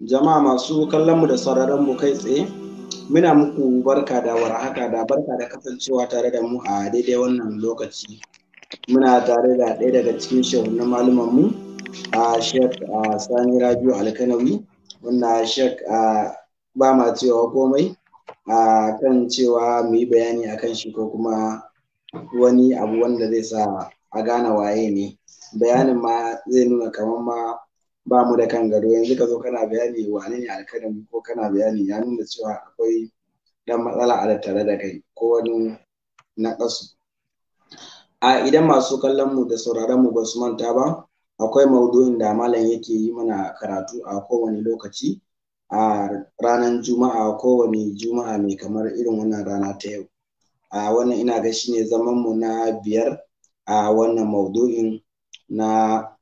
jama'a masu kallon mu da sauraronmu kai tsaye muna muku barka da warhaka da barka da kasancewa tare da mu a daidai wannan lokaci muna tare da ɗaya daga cikin shehunan malumanmu a shek a sani rabiu alkanawi wanda shek a ba ma cewa komai a kan cewa mu yi bayani a kan shi ko kuma wani abu wanda zai sa a gane waye ne bayanin ma zai nuna kamar ma ba mu da kan gado yanzu ka zo kana bayani wane ne alkalin ko kana bayani ya nuna cewa akwai dan matsala a tattare da kai ko wani naƙasu a idan masu kallon mu da sauraron mu ba su manta ba akwai maudu'in da malam yake yi mana karatu a kowane lokaci a ranar juma'a kowane juma'a mai kamar irin wannan rana ta yau a wannan ina ga shine zaman mu na biyar a wannan maudu'in na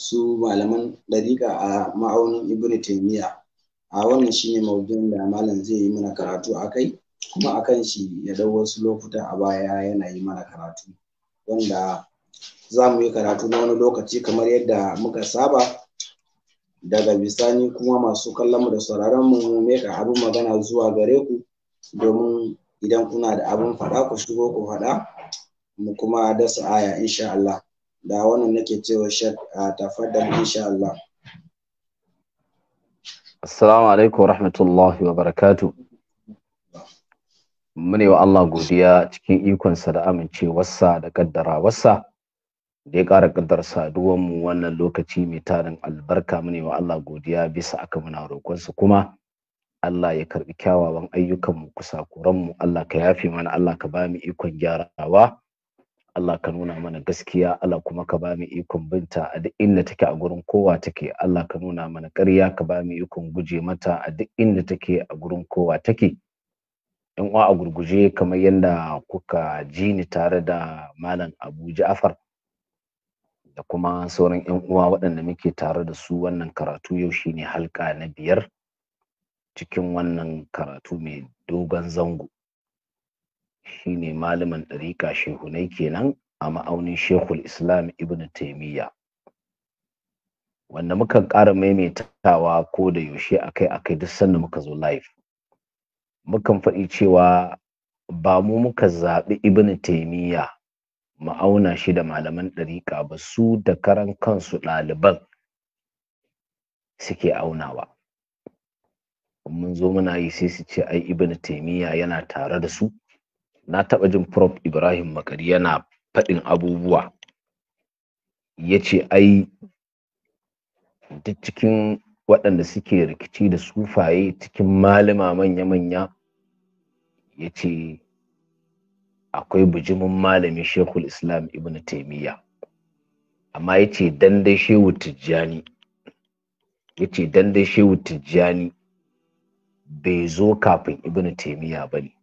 su malaman dariƙa a ma'aunin ibn taimiyya a wannan shine maudu'in da malam zai yi mana karatu a kai kuma a kan shi ya dau wasu lokuta a baya yana yi mana karatu wanda za mu yi karatu na wani lokaci kamar yadda muka saba daga bisani kuma masu kallon mu da sauraron mu mu meka abin magana zuwa gare ku domin idan kuna da abin faɗa ku shigo ku faɗa mu kuma dasa aya insha Allah da wannan nake cewa shek a tafadar insha Allah Assalamu alaikum rahmatullahi wa barakatu. mune wa Allah godiya cikin ikonsa da amincewarsa da kaddarawarsa da ya ƙara ƙaddar saduwar mu wannan lokaci mai tarin albarka mune wa Allah godiya bisa aka muna roƙonsa kuma Allah ya karɓi kyawawan ayyukan mu kusakuran mu Allah ka yafe mana Allah ka ba mu ikon gyarawa Allah ka nuna mana gaskiya Allah kuma ka ba mu ikon binta a duk inda take a gurin kowa take Allah ka nuna mana ƙarya ka ba mu ikon guje mata a duk inda take a gurin kowa take yan uwa a gurguje kamar yadda kuka ji ni tare da malam Abu Ja'far da kuma sauran yan uwa waɗanda muke tare da su wannan karatu yau shine halka na biyar cikin wannan karatu mai dogon zango shine malamin ɗariƙa shehunai kenan a ma'aunin shekul islam ibn taimiyya wanda mukan ƙara maimaitawa ko da yaushe akai akai duk sanda muka zo live mukan faɗi cewa ba mu muka zaɓi ibn taimiyya ma'auna shi da malaman ɗariƙa ba su da karan kansu ɗaliban suke aunawa mun zo muna yi sai su ce ai ibn taimiyya yana tare da su na taɓa jin Prof Ibrahim Makari yana faɗin abubuwa ya ce ai duk cikin waɗanda suke rikici da sufaye cikin malama manya-manya ya ce akwai bijimin malami shekul islam ibn taimiyya amma ya ce dai shehu tijjani ya ce dai shehu tijjani bai zo kafin ibn taimiyya ba ne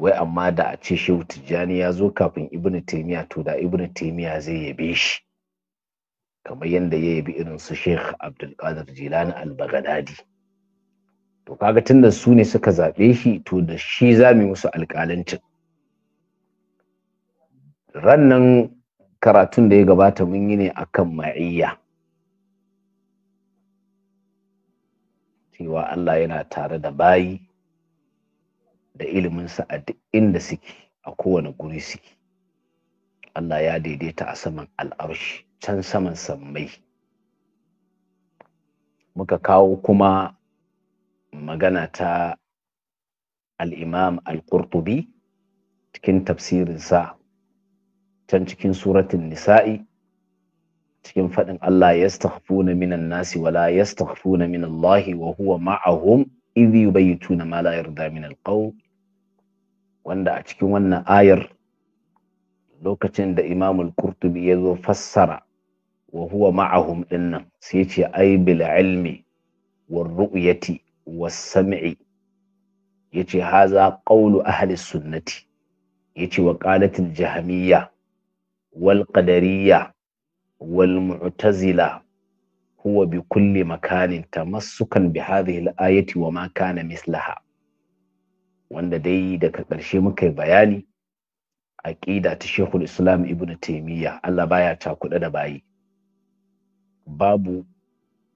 wai amma da a ce shehu tijjani ya zo kafin ibn taimiya to da ibn taimiya zai yabe shi kamar yadda ya yabi irin su sheikh abdulkadir jilani albagadadi to kaga tunda su ne suka zaɓe shi to da shi za mu yi musu alƙalancin rannan karatun da ya gabata mun yi ne akan ma'iyya cewa Allah yana tare da bayi da iliminsa a duk inda suke a kowane guri suke Allah ya daidaita a saman al'arshi can saman sammai muka kawo kuma magana ta al'imam al-qurtubi cikin tafsirinsa can cikin suratun nisa'i cikin faɗin Allah ya minan nasi wala ya staghfuna min Allah wa huwa ma'ahum idh yubayyituna ma la yarda min al wanda a cikin wannan ayar lokacin da imamul kurtubi ya zo fassara wa huwa ma'ahum dinnan sai ce ai bil ilmi war ru'yati was sam'i yace haza qawlu ahli sunnati yace wa qalat al jahmiyya wal qadariyya wal mu'tazila huwa bi kulli makanin tamassukan bi hadhihi al ayati wa ma kana mislaha wanda dai daga ƙarshe muka yi bayani aƙida ta shekul islam ibn taimiyya allah baya cakuɗa da bayi babu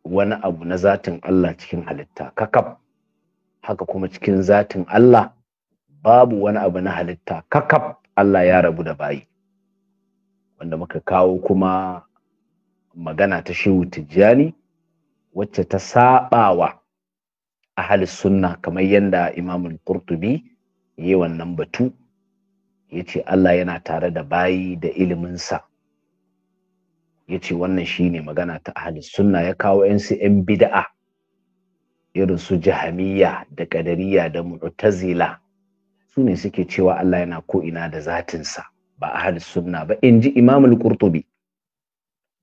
wani abu na zatin allah cikin halitta kakaf haka kuma cikin zatin allah babu wani abu na halitta kakaf allah ya rabu da bayi wanda muka kawo kuma magana ta shehu tijjani wacce ta saɓawa ahal sunna kamar yadda imamul qurtubi yi wannan batu ya ce Allah yana tare da bayi da iliminsa ya ce wannan shine magana ta ahal sunna ya kawo 'yansu 'yan bida'a irin su jahamiyya da ƙadariya da mu'tazila su ne suke cewa Allah yana ko'ina da zatinsa ba ahal sunna ba in ji imamul qurtubi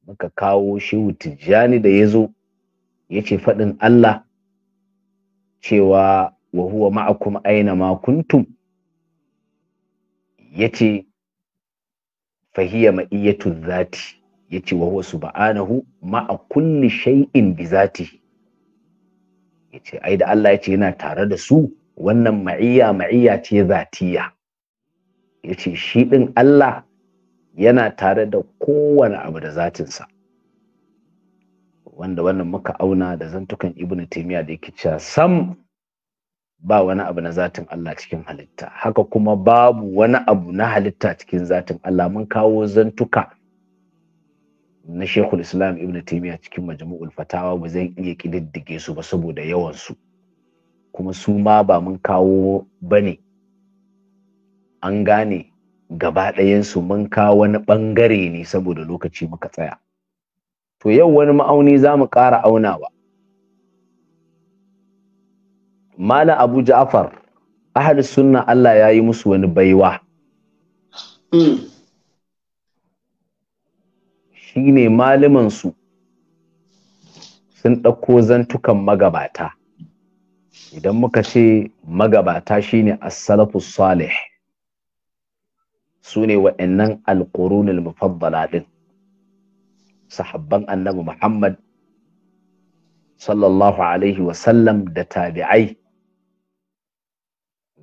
muka kawo shehu tijjani da ya zo ya ce faɗin Allah cewa wa huwa ma'akum aina ma kuntum yace fahiya ma'iyatu zati yace wa huwa subhanahu ma'a kulli shay'in bi zati yace ai da Allah yace yana tare da su wannan ma'iyya ma'iya ce zatiya yace shi din Allah yana tare da kowane abu da zatinsa wanda wannan muka auna da zantukan ibnu taymiya da yake cewa sam ba wani abu na zatin Allah cikin halitta haka kuma babu wani abu na halitta cikin zatin Allah mun kawo zantuka na Sheikhul Islam Ibn taymiya cikin Majmu'ul Fatawa ba zan iya kididdige su ba saboda yawan su kuma su ma ba mun kawo bane an gane gaba ɗayan su mun kawo wani bangare ne saboda lokaci muka tsaya to yau wani ma'auni za mu ƙara aunawa malam abu ja'far ahli sunna Allah ya yi musu wani baiwa hmm. Shi ne su sun ɗauko zantukan magabata idan muka ce magabata shine as-salafus salih su ne wa'annan al-qurunul sahabban annabi Muhammad sallallahu alaihi wasallam da tabi'ai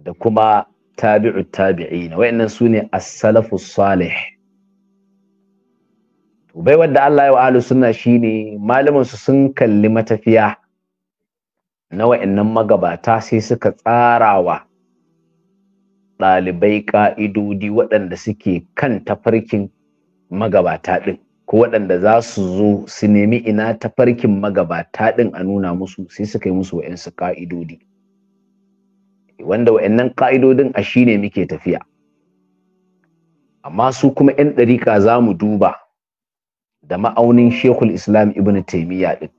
da kuma tabi'u tabi'ina wa'annan su ne as-salafus salih to bai wanda Allah ya wa ahlus sunna shine malaman su sun kalli matafiya na wa'annan magabata sai suka tsarawa ɗalibai ƙa'idodi waɗanda suke kan tafarkin magabata ɗin ko waɗanda za su zo su nemi ina tafarkin magabata ɗin a nuna musu sai suka yi musu wa'yansu ƙa'idodi wanda wa'yannan ƙa'idodin a shi ne muke tafiya amma su kuma 'yan ɗariƙa za mu duba da ma'aunin shekul islam ibn taimiyya ɗin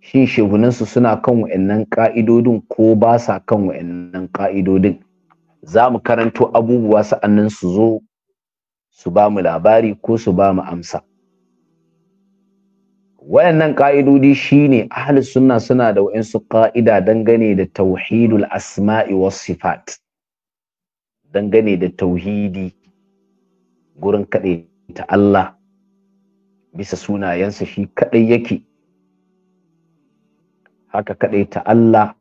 shin shehunansu suna kan wa'yannan ƙa'idodin ko ba sa kan wa'yannan ƙa'idodin za mu karanto abubuwa sa'annan su zo su ba mu labari ko su ba mu amsa wayannan ka'idodi shine ahlus sunna suna da wayansu ka'ida dangane da tauhidul asma'i was sifat dangane da tauhidi gurin kaɗai ta Allah bisa sunayensa shi kaɗai yake haka kaɗai ta Allah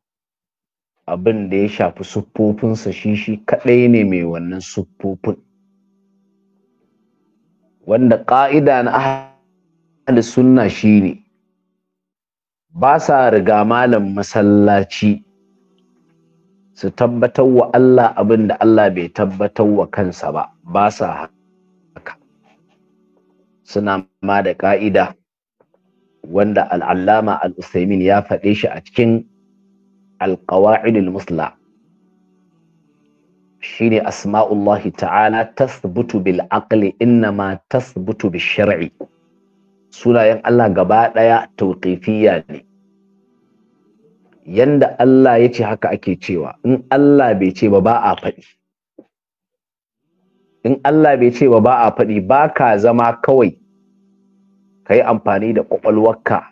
abin da ya shafi siffofinsa shi shi kaɗai ne mai wannan suffofin wanda ƙa'ida na sunna shine ba sa riga malam masallaci su tabbatar wa Allah abin da Allah bai tabbatar wa kansa ba ba sa haka suna ma da ka'ida wanda al'allama usaimin ya faɗe shi a cikin alƙawa'idul musla shine asma'ullahi ta'ala tasbutu bil aqli innama tasbutu bil shar'i sunayen Allah gaba ɗaya tauƙifiya ne yanda Allah ya ce haka ake cewa in Allah bai ce ba ba a faɗi in Allah bai ce ba ba a faɗi ba ka zama kawai ka yi amfani da ƙwaƙwalwarka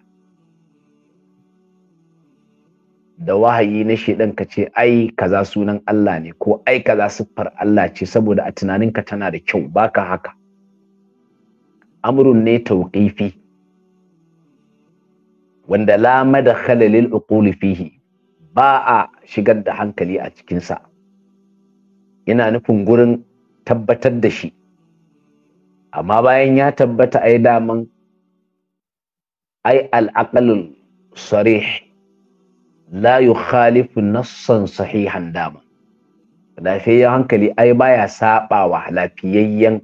da wahayi na shaidan ka ce ai kaza sunan Allah ne ko ai kaza siffar Allah ce saboda a tunaninka tana da kyau baka haka amrun ne tauqifi wanda la madkhala lil uquli fihi ba a shigar da hankali a cikinsa yana nufin gurin tabbatar da shi amma bayan ya tabbata ai daman ai al'aqalul sarih la yukhalifu nassan sahihan dama lafiyayyen hankali ai baya sabawa lafiyayyen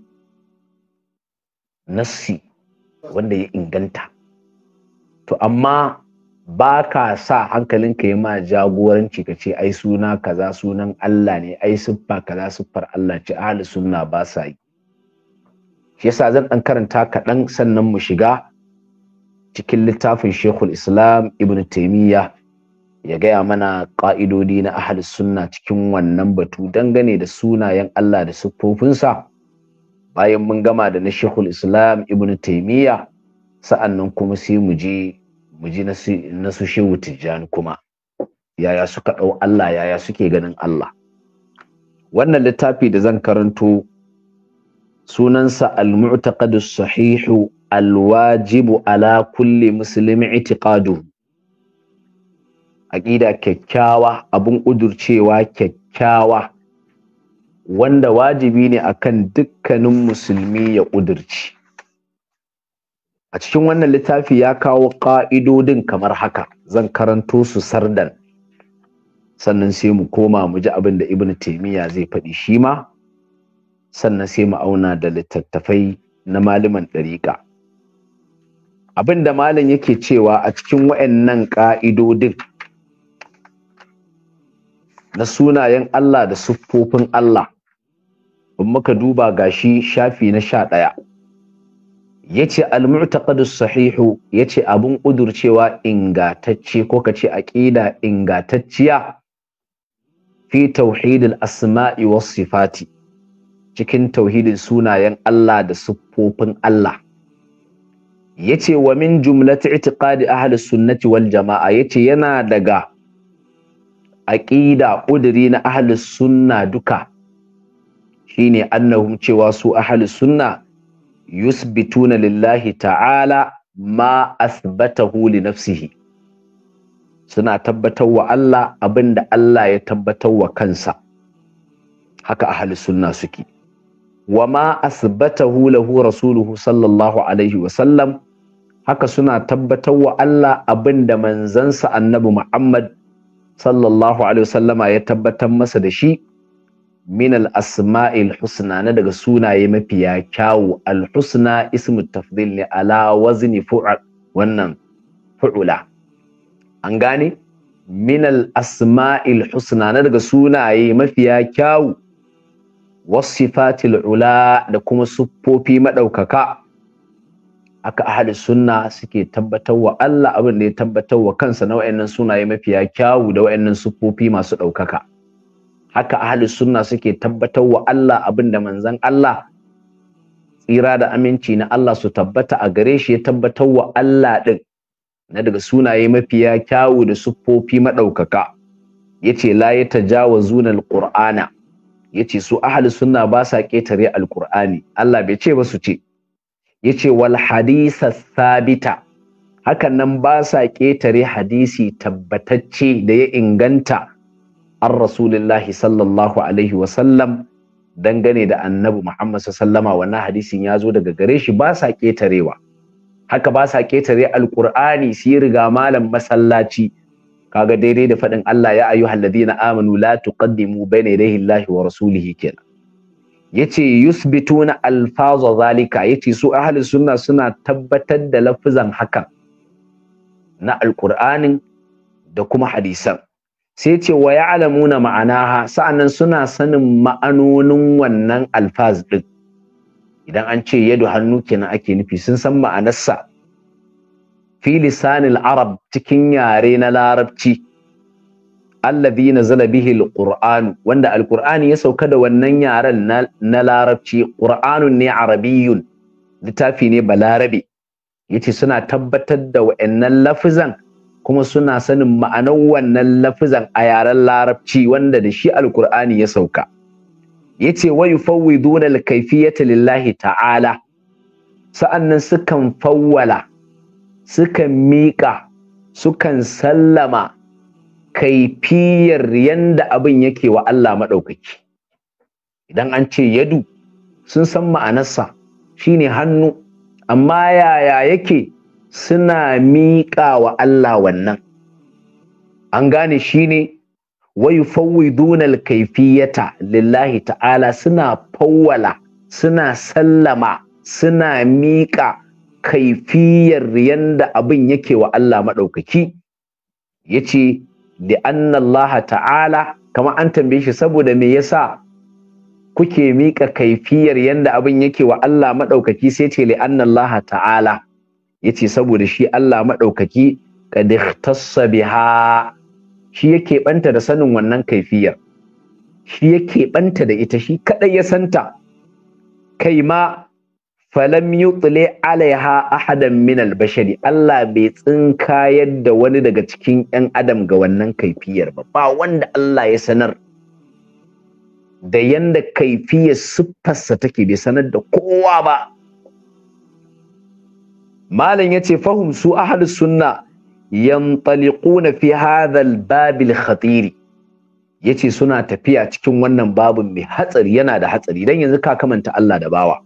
nassi wanda ya inganta to amma ba ka sa ka yi ma jagoranci ka ce ai suna kaza sunan Allah ne ai siffa kaza siffar Allah ce ahli sunna ba sa yi shi yasa zan dan karanta kaɗan sannan mu shiga cikin littafin Sheikhul Islam Ibn Taymiyyah ya gaya mana ƙa'idodi na ahli sunna cikin wannan batu dangane da sunayen Allah da siffofinsa bayan mun gama da na shehul islam ibn taimiyya nan kuma sai mu je mu ji na su shehu tijjani kuma yaya suka ɗau Allah yaya suke ganin Allah wannan littafi da zan karanto sunansa al-mu'taqad as al-wajib ala kulli muslim i'tiqadu aqida kyakkyawa abun udurcewa kyakkyawa wanda wajibi ne akan dukkanin musulmi ya ƙudurci a cikin wannan littafi ya kawo ƙa'idodin kamar haka zan karanto su sardan sannan sai mu koma mu ji abin da ibnu taimiyya zai faɗi shi ma sannan sai mu auna da littattafai na maliman ɗariƙa abin da malam yake cewa a cikin wayannan ƙa'idodin na sunayen Allah da siffofin Allah in muka duba gashi shafi na sha ɗaya ya ce almu'taqadus sahihu ya ce abin ƙudurcewa ingatacce ko ka ce aƙida ingatacciya fi tauhidil asma'i was sifati cikin tauhidin sunayen Allah da siffofin Allah ce, wa min jumlati i'tiqadi ahli sunnati wal jama'a yace yana daga aƙida ƙuduri na ahli sunna duka shine annahum cewa su ahli sunna yusbituna lillahi ta'ala ma asbatahu li nafsihi suna tabbatar wa Allah abinda Allah ya tabbatar wa kansa haka ahli suke wa ma asbatahu lahu rasuluhu sallallahu alaihi wa sallam haka suna tabbatar wa Allah abinda manzansa annabi Muhammad sallallahu alaihi wasallama ya tabbatar masa da shi min al-asma'il husna na daga sunaye mafiya kyawu al-husna ismu tafdil ne ala wannan fu'ula an gane min asmail husna na daga sunaye mafiya kyawu wasifatil ula da kuma siffofi madaukaka aka ahli sunna suke tabbatar wa Allah abin da ya tabbatar wa kansa na wayannan sunaye mafiya kyawu da wayannan siffofi masu ɗaukaka. haka ahli sunna suke tabbatar wa Allah abin da manzon Allah tsira da aminci na Allah su tabbata a gare shi ya tabbatar wa Allah din na daga sunaye mafiya kyawu da siffofi madaukaka yace la ya tajawazuna alqur'ana yace su ahli sunna ba sa ketare alqur'ani Allah bai ce ba su ce yace wal hadisa sabita hakan nan ba sa ketare hadisi tabbatacce da ya inganta an rasulillahi sallallahu alaihi wasallam dangane da annabi Muhammad sallama wannan hadisin ya zo daga gare shi ba sa ƙetarewa haka ba sa ƙetare alƙur'ani su riga malam masallaci kaga daidai da faɗin Allah ya ayyuhal amanu la tuqaddimu bayna yadayhi Allahi wa rasulihi kenan yace yusbituna alfaz zalika yace su ahli sunna suna tabbatar da lafazan hakan na alƙur'anin da kuma hadisan sai ce wa ya'lamuna ma'anaha sa'annan suna sanin ma'anonin wannan alfaz din idan an ce yadu hannu kenan ake nufi sun san ma'anarsa fi lisanil arab cikin yare na larabci allazi nazala bihi alquran wanda alqur'ani ya sauka da wannan yaren na larabci qur'anun ne arabiyyun littafi ne balarabe yace suna tabbatar da wa'annan lafizan kuma suna sanin ma'anar wannan lafizan a yaren larabci wanda da shi alkur'ani ya sauka Ya ce, yace wa yufawwiduna alkayfiyata lillahi ta'ala sa'annan sukan fawwala sukan miƙa sukan sallama kaifiyar yanda abin yake wa Allah maɗaukaki idan an ce yadu sun san ma'anarsa shine hannu amma yaya yake suna miƙa wa Allah wannan an gane shi shine wayu fawwiduna kaifiyata lillahi ta'ala suna fawwala suna sallama suna miƙa kaifiyar yanda abin yake wa Allah maɗaukaki Ya ce da annallaha ta'ala kama an tambaye shi saboda me yasa kuke miƙa kaifiyar yanda abin yake wa Allah maɗaukaki sai ce li annallaha ta'ala yace saboda shi Allah maɗaukaki kad ikhtassa biha shi yake banta da sanin wannan kaifiyar shi yake banta da ita shi kadai ya santa kai ma falam yutle alaiha ahadan min albashari Allah bai tsinka yadda wani daga cikin ƴan adam ga wannan kaifiyar ba ba wanda Allah ya sanar da yanda kaifiyar siffarsa take bai sanar da kowa ba malam yace fahum su ahlus sunna yantaliquna fi yace suna tafiya cikin wannan babin mai hatsari yana da hatsari dan yanzu ka kamanta Allah da bawa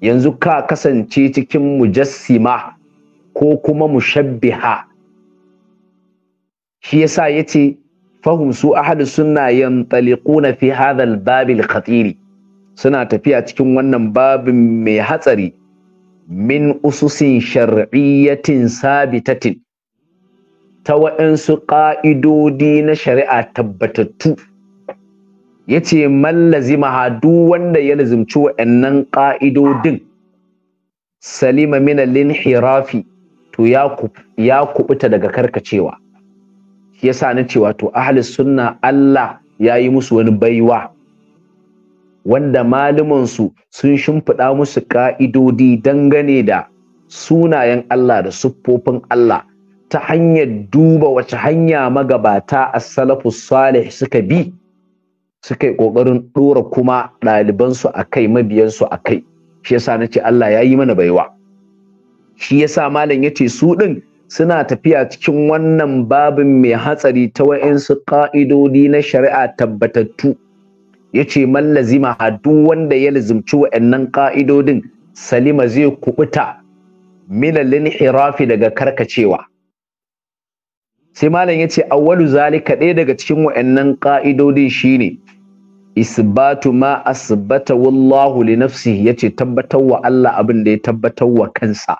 yanzu ka kasance cikin mujassima ko kuma mushabbiha shi yasa yace fahum su ahlus sunna yantaliquna fi hadha babil bab suna tafiya cikin wannan babin mai hatsari min ususin shar'iyyatin sabitatin ta waɗansu ƙa'idodi na shari'a tabbatattu ya ce mallazi duk wanda ya lazimci waɗannan ƙa'idodin salima minalin hirafi to ya kubuta daga karkacewa shi yasa na cewa to ahli sunna Allah ya yi musu wani baiwa wanda malumansu sun shimfiɗa musu ƙa'idodi dangane da sunayen Allah da siffofin Allah ta hanyar duba wace hanya magabata a salafu salih suka bi suka yi ƙoƙarin ɗora kuma ɗalibansu a kai mabiyansu a kai shi yasa na ce Allah ya yi mana baiwa shi yasa malam ya ce su ɗin suna tafiya cikin wannan babin mai hatsari ta wa'insu ƙa'idodi na shari'a tabbatattu yace man lazima duk wanda ya lazimci wa'annan ƙa'idodin, salima zai kubuta minalin hirafi daga karkacewa sai malam yace awwalu zalika ɗaya daga cikin wa'annan ƙa'idodin shine isbatu ma asbata wallahu li nafsi yace tabbatar wa Allah abin da ya tabbatar wa kansa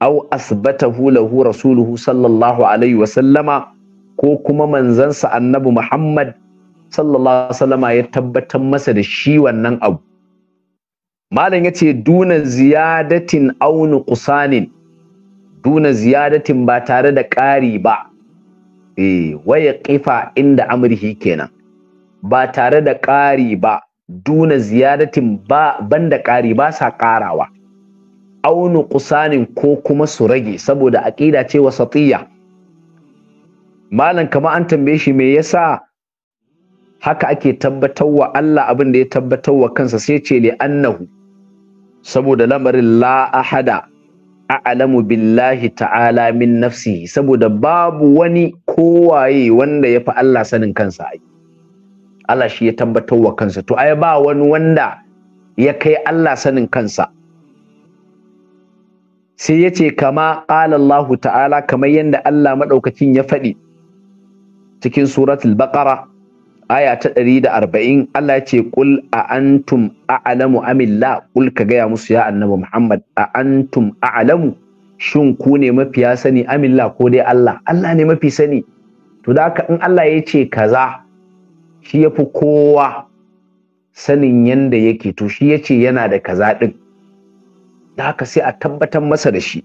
aw asbatahu lahu rasuluhu sallallahu alaihi wa ko kuma manzansa annabi Muhammad sallallahu alaihi wasallama ya tabbatar masa da shi wannan abu malam yace duna ziyadatin aw nuqsanin duna ziyadatin ba tare da ƙari ba eh waya ƙifa inda amrihi kenan ba tare da ƙari ba duna ziyadatin ba banda ƙari ba sa ƙarawa aw nuqsanin ko kuma su rage saboda aqida ce wasatiyya malam kama an tambaye shi me yasa haka ake tabbatarwa Allah abin da ya tabbatarwa kansa sai ce li annahu saboda lamarin la ahada a'lamu billahi ta'ala min nafsihi saboda babu wani kowaye wanda ya fi Allah sanin kansa ai Allah shi ya tabbatarwa kansa to ai ba wani wanda ya kai Allah sanin kansa sai ya ce kama qala ta'ala kamar yadda Allah maɗaukacin ya faɗi cikin suratul baqara aya ta ɗari da arba'in Allah ya ce kul a antum a'lamu amilla kul ka gaya musu ya annabi Muhammad a antum a'lamu shin ku ne mafiya sani amilla ko dai Allah Allah ne mafi sani to da haka in Allah ya ce kaza shi ya fi kowa sanin yanda yake to shi ya ce yana da kaza ɗin da haka sai a tabbatar masa da shi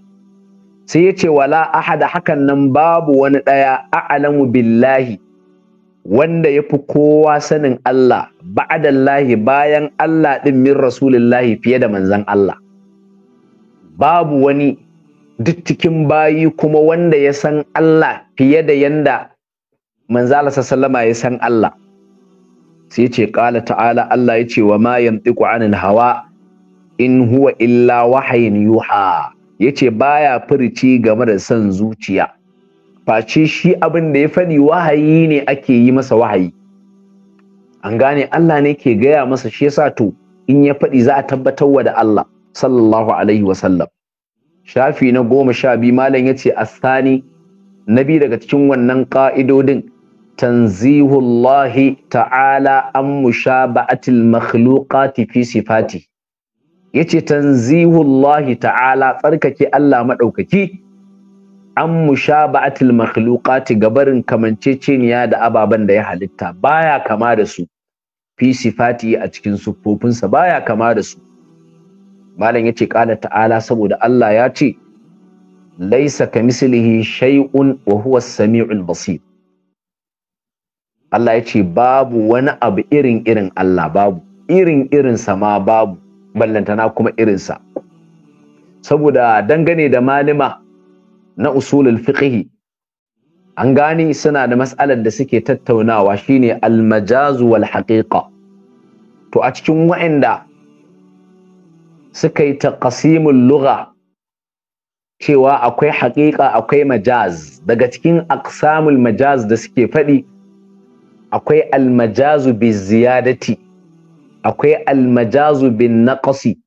sai ya ce wala ahada hakan nan babu wani ɗaya a'lamu billahi wanda ya fi kowa sanin Allah ba'adallahi bayan Allah ɗin min rasulillahi fiye da manzan Allah babu wani duk cikin bayi kuma wanda ya san Allah fiye da yanda Allah sallama ya san Allah sai ce ƙala ta'ala Allah ya ce wa ma yanzu anil hawa in huwa illa wahayin yuha yace baya furici game da san zuciya face shi abin da ya fani wahayi ne ake yi masa wahayi an gane Allah ne ke gaya masa shi yasa to in ya faɗi za a tabbatar wa da Allah sallallahu alaihi wa sallam shafi na goma sha biyu malam ya ce Sani na biyu daga cikin wannan ƙa'idodin tanzihullahi ta'ala an mushaba'atil makhluqati fi sifati yace tanzihullahi ta'ala tsarkake Allah maɗaukaki an mushaba'atil makhluqati gabarin kamanceceniya da ababen da ya halitta baya kama da su fi sifati a cikin siffofinsa baya kama da su malam yace qala ta'ala saboda Allah ya ce laisa kamislihi shay'un wa huwa as-sami'ul basir Allah ya ce babu wani abu irin irin Allah babu irin irinsa ma babu ballantana kuma irinsa saboda dangane da malima na usulul fiqh an gane suna da mas'alar da suke tattaunawa shine al-majaz wal haqiqa to a cikin wa'anda suka yi taqsimul lugha cewa akwai haqiqa akwai majaz daga cikin aqsamul majaz da suke faɗi akwai al-majazu bi ziyadati akwai al-majazu bin naqsi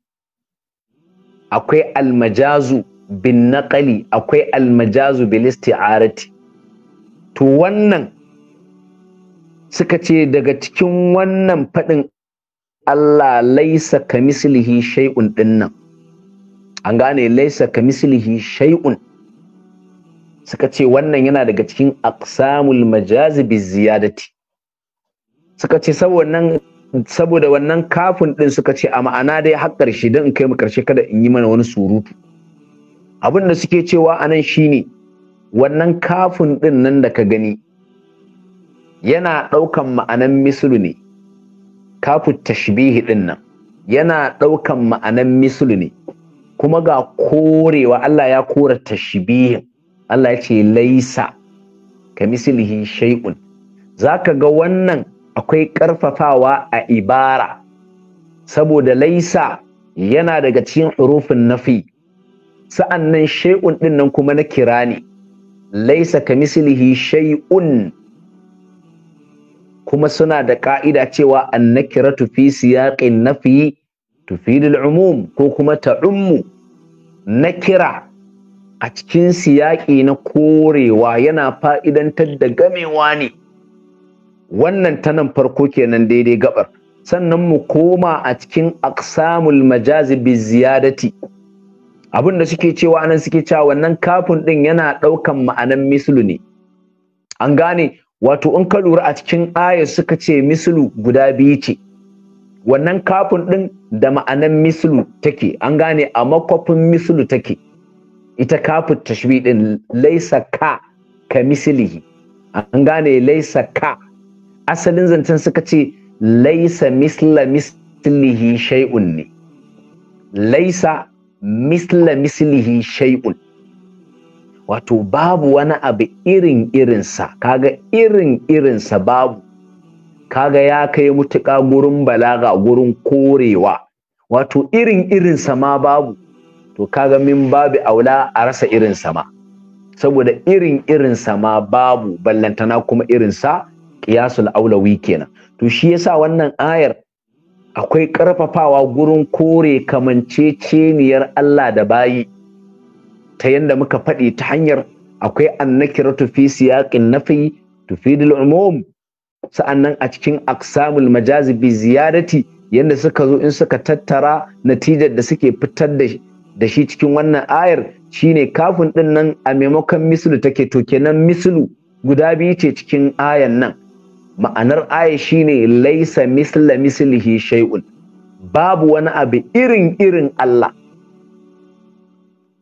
akwai al-majazu bin naƙali akwai almajazu a arati. to wannan suka ce daga cikin wannan faɗin Allah laisa ka mislihi ɗin nan, an gane laisa ka mislihi shai'un suka ce wannan yana daga cikin aqsamul majazi bi ziyadati suka ce saboda wannan kafin ɗin suka ce a ma'ana dai har ƙarshe don in kai mu ƙarshe kada in yi mana wani surutu abin da suke cewa a nan shine wannan kafin ɗin nan da ka gani yana ɗaukan ma'anan misilu ne kafin tashbihi ɗin nan yana ɗaukan ma'anan mislu ne kuma ga korewa Allah ya kora tashbihin Allah ya ce laisa ka shaikun. shay'un ka ga wannan akwai ƙarfafawa a ibara saboda laisa yana daga cikin hurufin nafi sa'an nan shay'un ɗin nan kuma na kira ne laisa ka mislihi shay'un kuma suna da ƙa'ida cewa an na kira tufi siyaƙin nafi tufi umum ko kuma ta'ummu na kira a cikin siyaƙi na korewa yana fa'idantar da gamewa ne wannan ta nan farko kenan daidai gabar sannan mu koma a cikin aksamul majazi bi ziyadati abin da suke cewa nan suke cewa wannan kafin din yana ɗaukan ma'anan mislu ne an gane wato in ka lura a cikin ayar suka ce mislu guda biyu ce wannan kafin din da ma'anan mislu take an gane a makwafin mislu take ita kafin tashbi din laisa ka ka mislihi an gane laisa ka asalin zancen suka ce laisa misla mislihi shay'un ne laisa misla mislihi shay'un wato babu wani abu irin irinsa kaga irin irinsa babu kaga ya kai mutuƙa gurin balaga gurin korewa wato irin irinsa ma babu to kaga min babu aula a rasa irinsa ma saboda irin irinsa ma babu ballantana kuma irinsa ƙiyasul aulawi kenan to shi yasa wannan ayar akwai ƙarfafawa gurin kore kamanceceniyar Allah da bayi ta yadda muka faɗi ta hanyar akwai na fi siyaqin nafi tufidul sa'annan a cikin aksamul majazi bi ziyadati yadda suka zo in suka tattara natijar da suke fitar da shi cikin wannan ayar shine kafin ɗin nan a maimakon mislu take to kenan mislu guda biyu ce cikin ayan nan ma'anar aya shine laisa misla mislihi shay'un babu wani abu irin irin Allah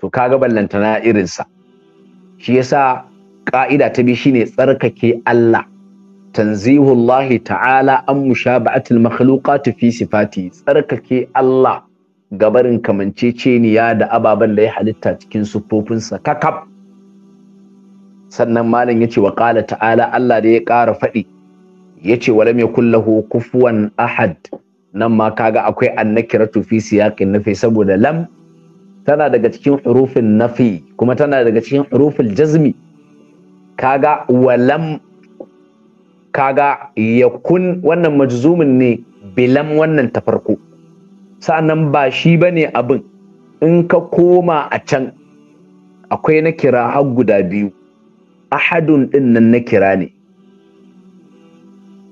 to kaga ballantana irinsa shi yasa ka'ida ta bi shine tsarkake Allah tanzihullahi ta'ala an mushaba'atil makhluqat fi sifati tsarkake Allah gabarin kamanceceniya da ababen da ya halitta cikin siffofinsa kakab sannan malam yace wa qala ta'ala Allah da ya ƙara faɗi Ya yace walam yakul lahu kufuwan ahad nan ma kaga akwai annakiratu fi siyaqin nafi saboda lam tana daga cikin hurufin nafi kuma tana daga cikin hurufin jazmi kaga walam kaga yakun wannan majzumin ne bilam wannan ta farko sa'annan ba shi bane abin in ka koma a can akwai na kira har guda biyu ahadun din nan na kira ne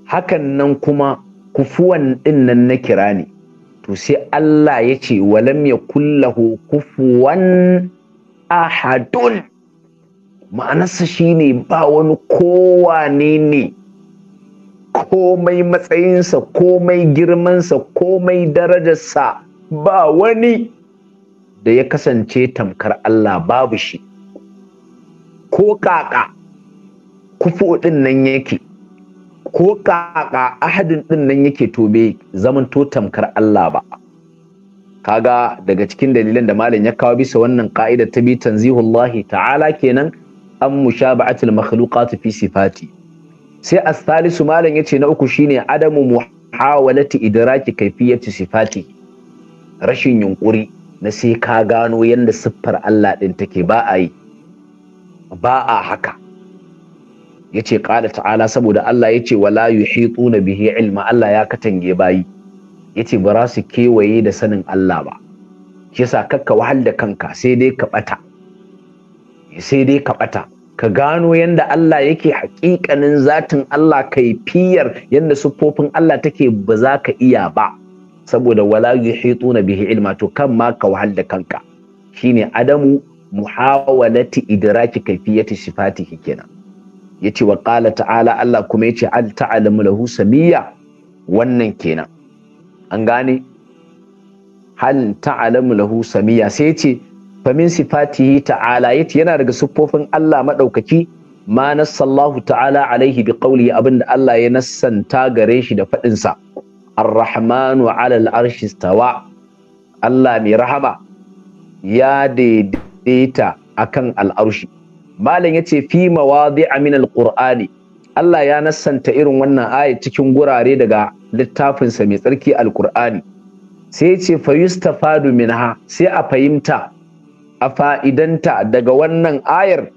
hakan nan kuma kufuwan ɗin nan na kira ne to sai Allah ya ce walam ya kullahu kufuwan ahadun ma'anarsa shine ba wani kowa ne ne komai matsayinsa komai girmansa komai darajarsa ba wani da ya kasance tamkar Allah babu shi ko kaka kufu ɗin nan yake ko kaka ahadin din nan yake tobe zaman to tamkar Allah ba kaga daga cikin dalilan da malam ya kawo bisa wannan ka'ida ta bi tanzihullahi ta'ala kenan an mushaba'atul makhluqat fi sifati sai as-salisu malam yace na uku shine adamu muhawalati idraki kayfiyati sifati rashin yunƙuri, na sai ka gano yanda siffar Allah din take ba a ba a haka yace qala ta'ala saboda Allah yace wala yuhituna bihi ilma Allah ya katange bayi yace ba su kewaye da sanin Allah ba shi yasa kakka wahal da kanka sai dai ka bata sai dai ka bata ka gano yanda Allah yake haƙiƙanin zatin Allah kai fiyar yanda siffofin Allah take ba za ka iya ba saboda wala yuhituna bihi ilma to kan ma ka wahal da kanka shine adamu muhawalati idraki kaifiyati sifatihi kenan yace wa qala ta'ala Allah kuma yace al ta'lamu lahu samiyya wannan kenan an gane hal ta'lamu lahu samiyya sai yace fa min sifatihi ta'ala yace yana daga siffofin Allah madaukaki ma nasallahu ta'ala alaihi bi qawli abinda Allah ya nassanta gare shi da fadin sa ar 'ala al stawa Allah mai rahama ya daidaita akan al'arshi. malam ya ce, fi mawadi'a amin alƙur'ani, Allah ya nassanta irin wannan aya cikin gurare daga littafinsa mai tsarki Alƙur'ani, sai yace fa yustafadu minha sai a fahimta a fa'idanta daga wannan ayar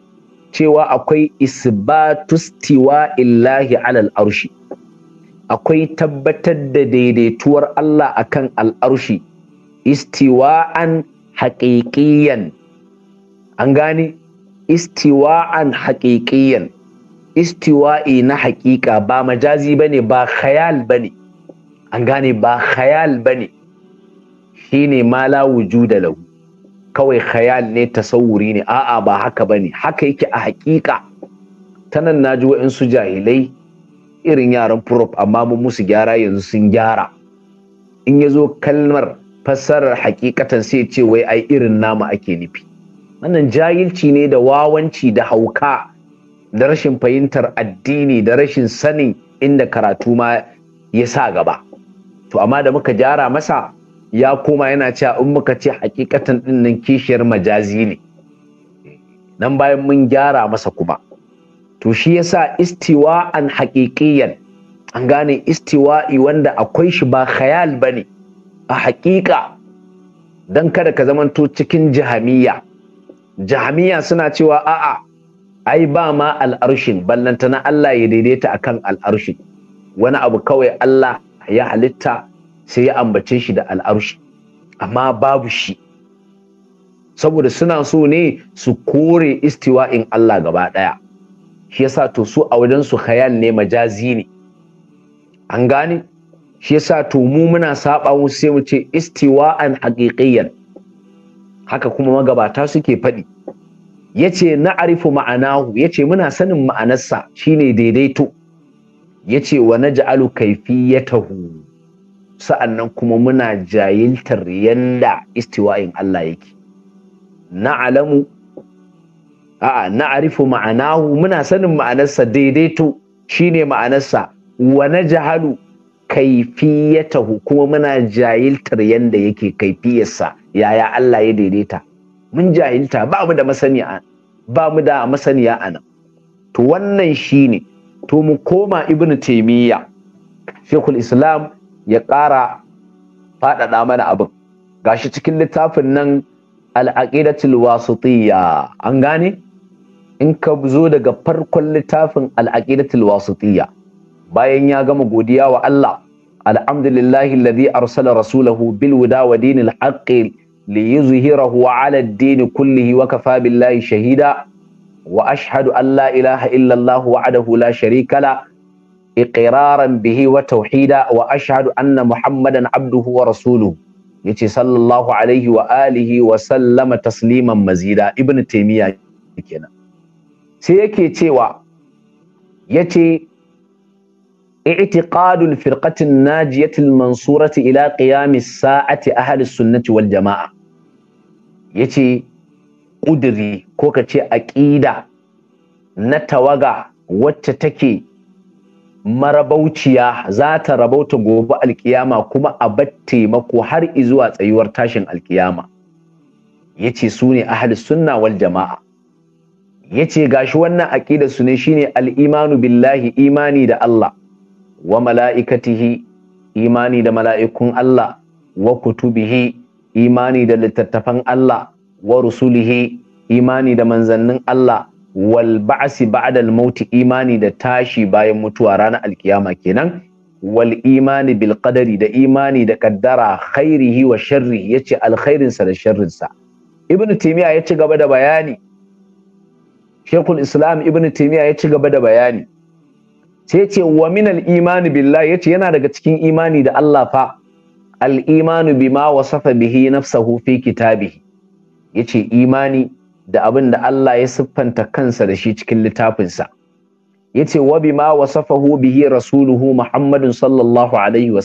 cewa akwai isbatustiwa illahi alal arshi akwai tabbatar da daidaituwar Allah akan al'arshi istiwa'an haƙiƙiyan an gane istiwa'an haƙiƙiyan istiwa'i na haƙiƙa ba majazi ba ne, ba khayal bane an gane ba khayal shi shine ma la wujuda lau. kawai khayal ne tasawuri ne a'a ba haka ba ne. haka yake a haƙiƙa Ta nan tanan ji waɗansu jahilai irin yaran prop amma mun musu gyara yanzu sun gyara in ya zo kalmar fassarar haƙiƙatan, sai ce wai ai irin nama ake nufi wannan jahilci ne da wawanci da hauka da rashin fahimtar addini da rashin sanin inda karatu ma ya sa gaba to amma da muka gyara masa ya koma yana cewa in muka ce hakikatan dinnan kishiyar majazi ne nan bayan mun gyara masa kuma to shi yasa an haƙiƙiyan an gane istiwa'i wanda akwai shi ba khayal bane a haƙiƙa dan kada ka zamanto cikin jahamiyya Jami'a suna cewa a'a ai ba ma al'arshin na Allah ya daidaita akan al'arshi wani abu kawai Allah ya halitta sai ya ambace shi da al'arshi amma babu shi saboda suna so ne su kore istiwa in Allah gaba ɗaya shi yasa to su a wajen su khayal ne majazi ne an gane shi yasa to mu muna saba mu sai mu ce istiwa'an haqiqiyyan haka kuma magabata suke faɗi yace na arifu ma'anahu yace muna sanin ma'anarsa shine daidaito yace wa naj'alu kayfiyatahu sa'annan kuma muna jayiltar yanda istiwa'in Allah yake alamu? a'a na arifu ma'anahu muna sanin ma'anarsa daidaito shine ma'anarsa wa naj'alu kaifiyatahu kuma muna jahiltar yanda yake kaifiyarsa yaya Allah ya daidaita mun jahilta ba mu da masaniya ba mu da masaniya anan to wannan shine to mu koma ibnu taymiya shekul islam ya ƙara faɗaɗa mana abin gashi cikin littafin nan al al-aqidatul wasitiyya an gane in ka zo daga farkon littafin al al-aqidatul wasitiyya bayan ya gama godiya wa Allah alhamdulillahi alladhi arsala rasulahu bil huda wa dinil haqqi liyuzhirahu ala ad-din kullihi wa kafa billahi shahida wa ashhadu an la ilaha illa Allah wahdahu la sharika la iqraran bihi wa tauhida wa ashhadu anna muhammadan abduhu wa rasuluhu yace sallallahu alaihi wa alihi wa sallama tasliman mazida ibnu taymiya kenan sai yake cewa yace i'tiqadul firqatin najiyatil mansurati ila qiyamis sa'ati ahli sunnati wal jama'a yace ƙudiri ko ka ce aƙida na tawaga wacce take marabauciya za ta rabauta gobe alkiyama kuma a bar taimako har izuwa tsayuwar tashin alkiyama yace su ne ahli sunna wal jama'a yace gashi wannan aqida su ne shine al-imanu billahi imani da Allah wa mala'ikatihi imani da mala'ikun Allah wa kutubihi imani da littattafan Allah wa rusulihi imani da manzannin Allah wal ba'si ba'da mauti imani da tashi bayan mutuwa ranar alkiyama kenan wal imani bil qadari da imani da kaddara khairihi wa sharri yace alkhairin sa da sharrin sa ibnu ya ci gaba da bayani shekul islam ibnu timiya ya ci gaba da bayani sai ce wa minal imani billahi yace yana daga cikin imani da Allah fa bi ma wasa fa bihi nafsahu fi Ya ce imani da abin da Allah ya siffanta kansa da shi cikin littafinsa Ya yace wa fa hu bihi rasuluhu Muhammadun sallallahu alaihi wa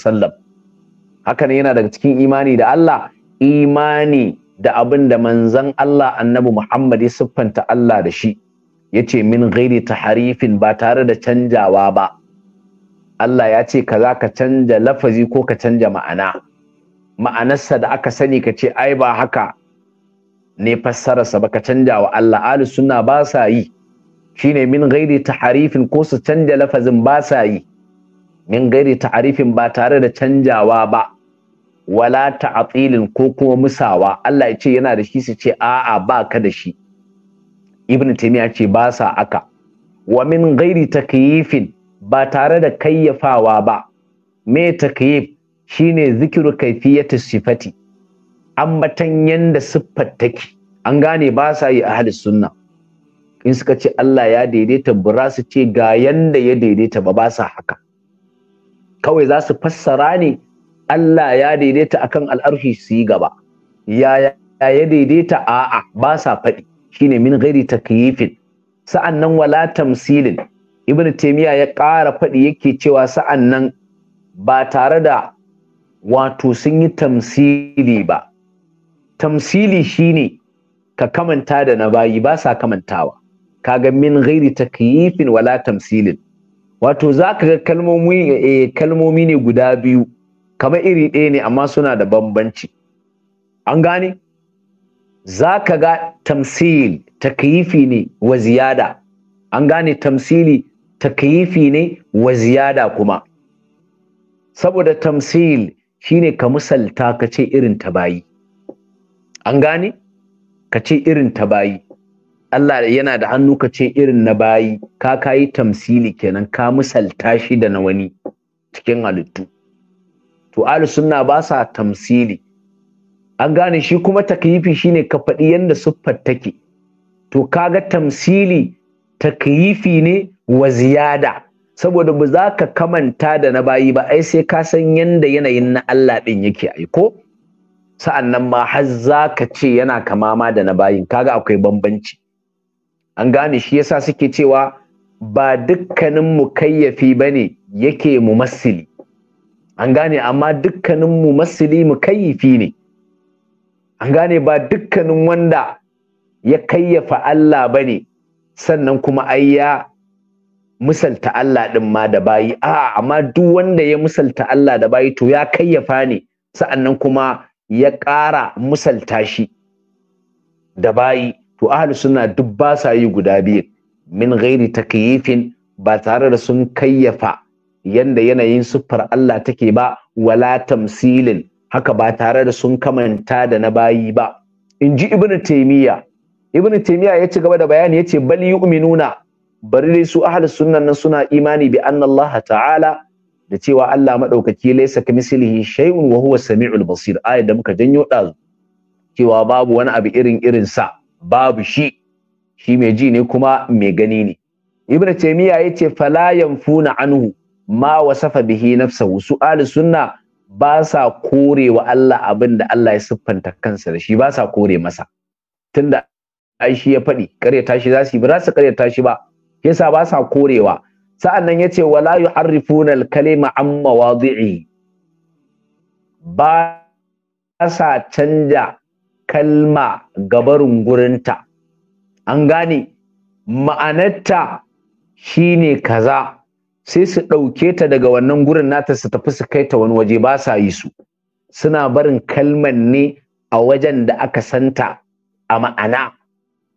hakan yana daga cikin imani da Allah imani da abin da manzon Allah annabi Muhammad ya siffanta Allah da shi Ya ce min ta taharifin ba tare da canjawa ba Allah ya ce kaza ka canja lafazi ko ka canja ma'ana ma'anarsa da aka sani ka ce ai ba haka ne fassararsa ba ka canja wa Allah Ali suna ba sa yi Shi ne min ta taharifin ko su canja lafazin ba sa yi min ta taharifin ba tare da canjawa ba wala ta'atilin ko kuma musawa Allah ya ce yana da shi su ce a'a ba ka da shi ibn taymiya ce ba sa aka wa min ghairi takyifin ba tare da kayyafawa ba me takyif shine zikiru kaifiyatu sifati ambatan yanda siffar take an gane ba sa yi ahli sunna in suka ce Allah ya daidaita bura su ce ga yanda ya daidaita ba ba sa haka kawai za su fassara ne Allah ya daidaita akan al'arshi su yi gaba yaya ya daidaita a'a ba sa faɗi shine min ghairi takyifin sa'annan wala tamsilin ibnu taymiya ya ƙara faɗi yake cewa sa'annan ba tare da wato sun yi tamsili ba tamsili shine ka kamanta da na bayi ba sa kamantawa kaga min ghairi takyifin wala tamsilin wato zaka ga kalmomi eh, kalmomi ne guda biyu kamar iri ɗaya ne amma suna da bambanci an gane za ka ga tamsil takyifi ne wa ziyada an gane tamsili takyifi ne wa ziyada kuma saboda tamsil shine ka misalta ka ce irin ta bayi an gane ka ce irin ta bayi Allah yana da hannu ka ce irin na bayi ka kayi tamsili kenan ka misalta shi da na wani cikin halittu to ahlus sunna ba sa tamsili an gane shi kuma takyifi shine ka faɗi yadda siffar take to kaga tamsili takyifi ne wa ziyada saboda ba za ka kamanta da na bayi ba ai sai ka san yadda yanayin na Allah ɗin yake aiko sa'an nan ma har za ka ce yana kama ma da na bayin kaga akwai bambanci an gane shi yasa suke cewa ba dukkanin ba ne yake masili. an gane amma dukkanin mu kayyafi ne an gane ba dukkanin wanda ya kayyafa Allah ba ne sannan kuma ai ya musalta Allah ɗin ma da bayi a amma duk wanda ya musalta Allah da bayi to ya kayyafa ne sa'annan kuma ya ƙara musalta shi da bayi to ahlus sunna duk ba sa yi guda biyu min ghairi takyifin ba tare da sun kayyafa yanda yanayin siffar Allah take ba wala tamsilin haka ba tare da sun kamanta da na bayi ba in ji ibn taimiyya ibn taimiya ya ci gaba da bayani ya ce bal yu'minuna bari dai su ahlus sunnan nan suna imani bi anna Allah ta'ala da cewa Allah madaukaki laysa kamislihi shay'un wa huwa samiul basir ayat da muka janyo dazu cewa babu wani abu irin irin sa babu shi shi mai ji ne kuma mai gani ne ibn taimiya ya ce fala yanfuna anhu ma wasafa bihi nafsahu su ahlus sunna ba sa kore wa Allah abin da Allah ya siffanta kansa da shi ba sa kore masa tunda ai shi ya faɗi karyata shi za su yi ba za su karyata shi ba yasa ba sa korewa sa'annan yace wala yuharrifuna al-kalima an mawadi'i ba sa canja kalma gabarun gurinta an gane ma'anarta shine kaza sai su ɗauke ta daga wannan gurin nata su tafi su kai ta wani waje ba sa yi su suna barin kalman ne a wajen da aka santa a ma'ana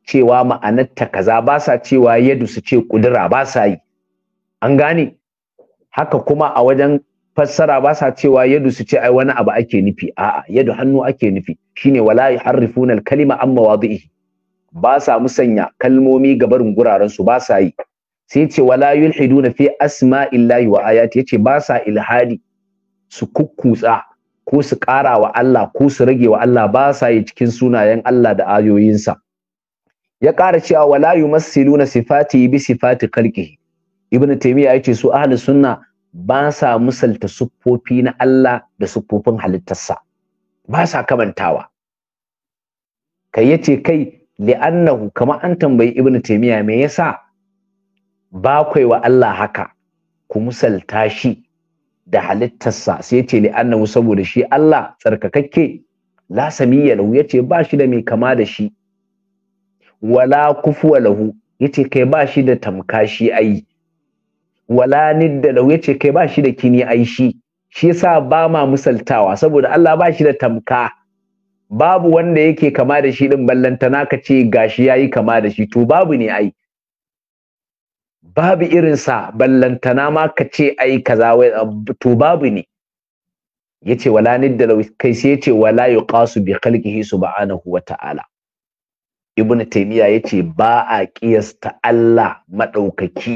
cewa ma'anarta kaza ba sa cewa yadu su ce kudura ba sa yi an gane haka kuma a wajen fassara ba sa cewa yadu su ce ai wani abu ake nufi a'a yadu hannu ake nufi shine wala yuharrifuna al-kalima Amma, mawadi'i ba sa musanya kalmomi ga barin guraren su ba sa yi sai ce wala yulhiduna fi asma'illahi wa ayati yace ba sa ilhadi su kukkutsa ko su kara wa Allah ko su rage wa Allah ba sa yi cikin sunayen Allah da ayoyinsa ya ƙara cewa wala yumassiluna sifati bi sifati khalqihi ibnu taymiya yace su ahli sunna ba sa musalta siffofi na Allah da siffofin halittarsa ba sa kamantawa kai yace kai li'annahu kama an tambayi ibnu taymiya me yasa ba kwai wa Allah haka ku musalta shi da halittarsa sai ce li annahu saboda shi Allah tsarkakakke la samiyya lahu yace ba shi da mai kama da shi wala kufuwa lahu yace kai ba shi da tamka shi ai wala nidda lahu yace kai ba shi da kini ai shi shi yasa ba ma musaltawa saboda Allah ba shi da tamka babu wanda yake kama da shi din ballantana ka ce gashi yayi kama da shi to babu ne ai babu irinsa ballantana ma ka ce ai kaza wai um, to babu ne yace wala nidda kai sai yace wala yuqasu bi khalqihi subhanahu wa ta'ala ibnu taymiya yace ba a kiyasta Allah madaukaki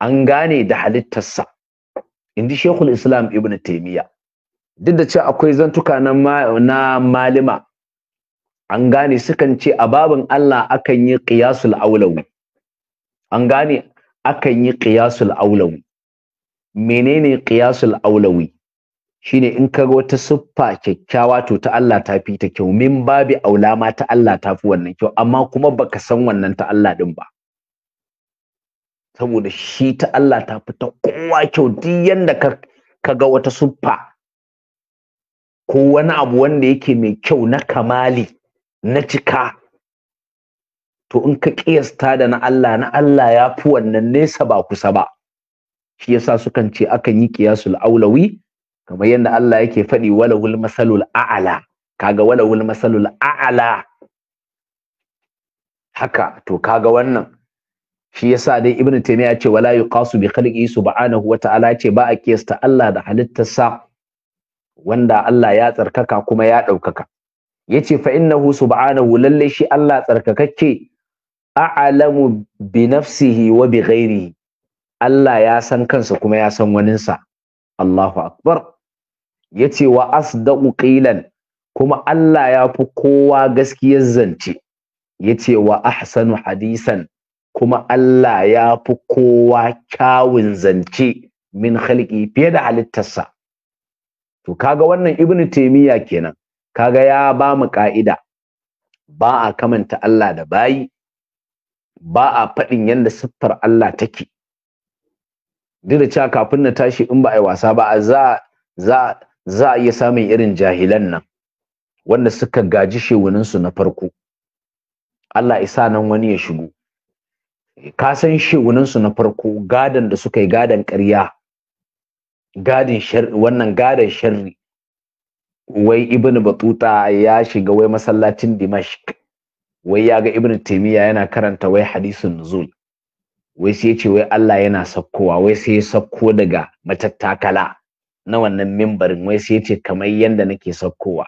an gane da halittarsa indi shekul islam ibnu taymiya duk da cewa akwai zantuka na na malima an gane sukan ce a babin Allah akan yi qiyasul aulawi an gane akan yi qiyasul aulawi menene qiyasul aulawi shine in ka ga wata siffa kyakkyawa to ta Allah ta fi ta kyau min babi aula ma ta Allah ta fi wannan kyau amma kuma baka san wannan ta Allah din ba saboda shi ta Allah ta fi ta kowa kyau duk yanda ka ka ga wata siffa ko wani abu wanda yake mai kyau na kamali na cika to in ka kiyasta da na Allah na Allah ya fi wannan nesa ba kusa ba shi yasa sukan ce akan yi qiyasul aulawi kamar yadda Allah yake faɗi walahul masalul a'ala kaga walahul masalul a'ala haka to kaga wannan shi yasa dai ibnu taymiya ce wala yuqasu bi khalqihi subhanahu wa ta'ala ce ba a kiyasta Allah da halittarsa wanda Allah ya tsarkaka kuma ya ɗaukaka yace fa innahu subhanahu lalle shi Allah tsarkakakke a'lamu bi nafsihi wa bi ghairihi Allah ya san kansa kuma ya san waninsa Allahu akbar yace wa asdaqu qilan kuma Allah ya fi kowa gaskiyar zance yace wa ahsanu hadisan kuma Allah ya fi kowa kyawun zance min khalqi fiye da halittarsa to kaga wannan ibnu taymiya kenan kaga ya ba mu ka'ida ba a kamanta Allah da bayi ba a faɗin yadda siffar Allah take duk da cewa kafin na tashi in ba a yi wasa ba a za za za a iya samun irin jahilan nan wanda suka gaji su na farko Allah isa nan wani ya shigo ka san su na farko gadan da suka yi gadan ƙarya gadin sharri wannan gadan sharri wai ibnu batuta ya shiga wai masallacin dimashq wai ya ga ibn taimiyya yana karanta wai hadisin nuzul wai sai ce wai Allah yana sakkowa wai sai ya sakko daga matattakala na wannan mimbarin wai sai ce kamar yadda nake sakkowa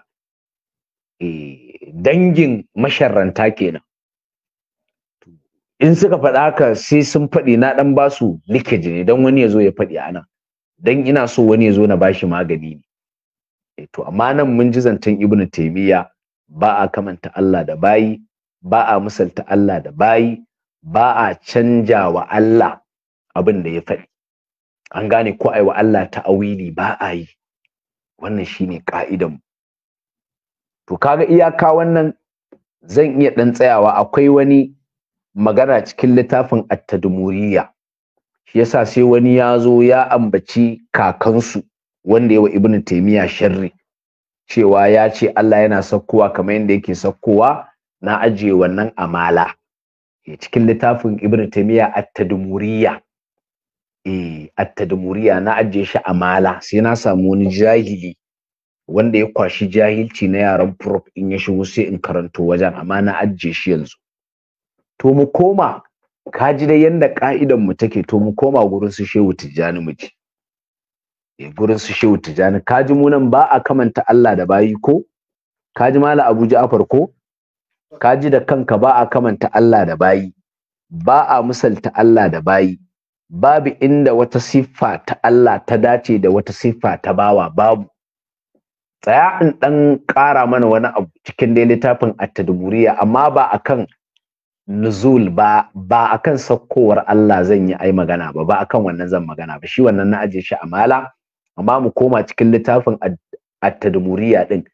eh dangin masharranta kenan in suka faɗa haka sai sun faɗi na ɗan basu su likeji ne don wani ya zo ya faɗi a nan don ina so wani ya zo na bashi magani ne eh, to amma nan mun ji zancen ibnu taimiyya ba a kamanta Allah da bayi ba a misalta Allah da bayi ba a canja wa Allah abin da ya faɗi an gane ko ai wa Allah ta'awili ba a yi wannan shine ka'idan to kaga iyaka wannan zan iya ɗan tsayawa akwai wani magana cikin littafin at shi yasa sai wani ya zo ya ambaci kakansu wanda yawa ibnu taymiya sharri cewa ya ce Allah yana sakkowa kamar yadda yake sakkowa na ajiye wannan amala e, cikin littafin ibn taymiya at-tadmuriyya eh at-tadmuriyya na ajiye shi amala sai na samu wani jahili wanda ya kwashi jahilci na yaran prof in ya shigo sai in karanto wajen amma na ajiye shi yanzu to mu koma ka ji dai yanda ka'idan mu take to mu koma gurin su shehu tijjani mu ji eh gurin su shehu tijani ka ji mu nan ba a kamanta Allah da bayi ko ka ji mala Abuja Ja'far ko ka ji da kanka ba a kamanta Allah da bayi ba a misalta Allah da bayi babu inda wata siffa ta Allah ta dace da wata siffa ta bawa babu tsaya in dan ƙara mana wani abu cikin dai littafin at-tadburiya amma ba akan nuzul ba ba akan sakkowar Allah zan yi ai magana ba ba akan wannan zan magana ba shi wannan na aje shi amala amma mu koma cikin littafin at-tadmuriya din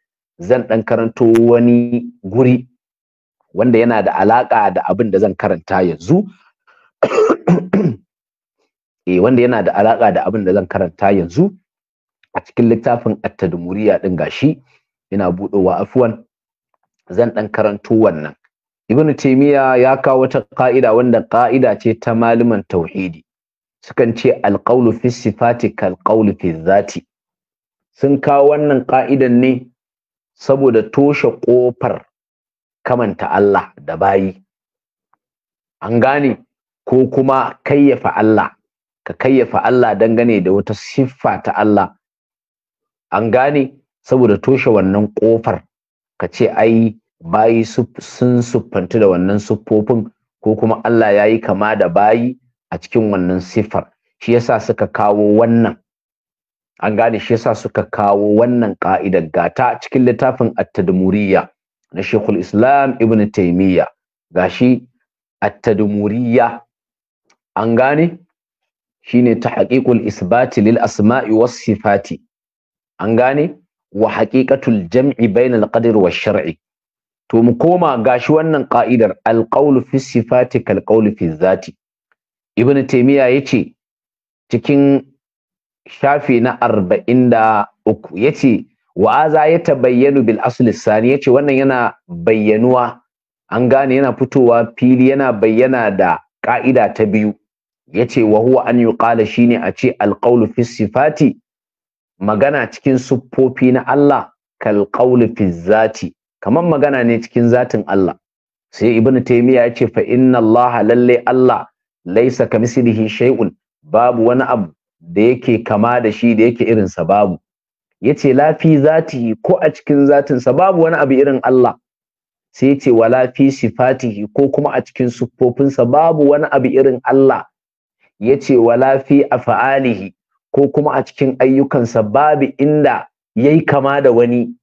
zan dan karanto wani guri wanda yana da alaka da abin da zan karanta yanzu eh wanda yana da alaka da abin da zan karanta yanzu a cikin littafin at-tadmuriya din gashi ina budowa afwan zan dan karanto wannan ibnu taymiya ya kawo wata ka'ida wanda ka'ida ce ta malaman tauhidi sukan ce alqawlu fi sifati kal qawlu fi dhati sun kawo wannan ka'idan ne saboda toshe kofar kamanta Allah da bayi an gane ko kuma kayyafa Allah ka kayyafa Allah dangane da wata siffa ta Allah an gane saboda toshe wannan kofar ka ce ai bayi sun suffanta da wannan siffofin ko kuma Allah ya yi kama da bayi a cikin wannan siffar shi yasa suka kawo wannan an gane shi yasa suka kawo wannan ka'idar gata cikin littafin at-tadmuriyya na shekul islam ibn taimiyya gashi at-tadmuriyya an gane shine tahqiqul isbati lil asma'i was sifati an gane wa haqiqatul jam'i bayna al-qadr wa shar'i to mu koma gashi wannan qa'idar al-qawl fi sifati kal qawl fi dhati ibn taymiya yace cikin shafi na 43 yace Wa'aza aza ya tabayyanu bil asli sani ya ce wannan yana bayyanuwa an gane yana fitowa fili yana bayyana da ka'ida ta biyu ya ce wa huwa an shi ne a ce alqawlu fi sifati magana cikin siffofi na Allah kal qawlu fi zati kaman magana ne cikin zatin Allah sai ibn taymiya yace fa inna Allah lalle Allah laisa kamislihi shay'un babu wani abu da yake kama da shi da yake irinsa babu yace la fi zatihi ko a cikin zatinsa babu wani abu irin Allah sai yace wala fi sifatihi ko kuma a cikin siffofinsa babu wani abu irin Allah yace wala fi af'alihi ko kuma a cikin ayyukansa babu inda yayi kama da wani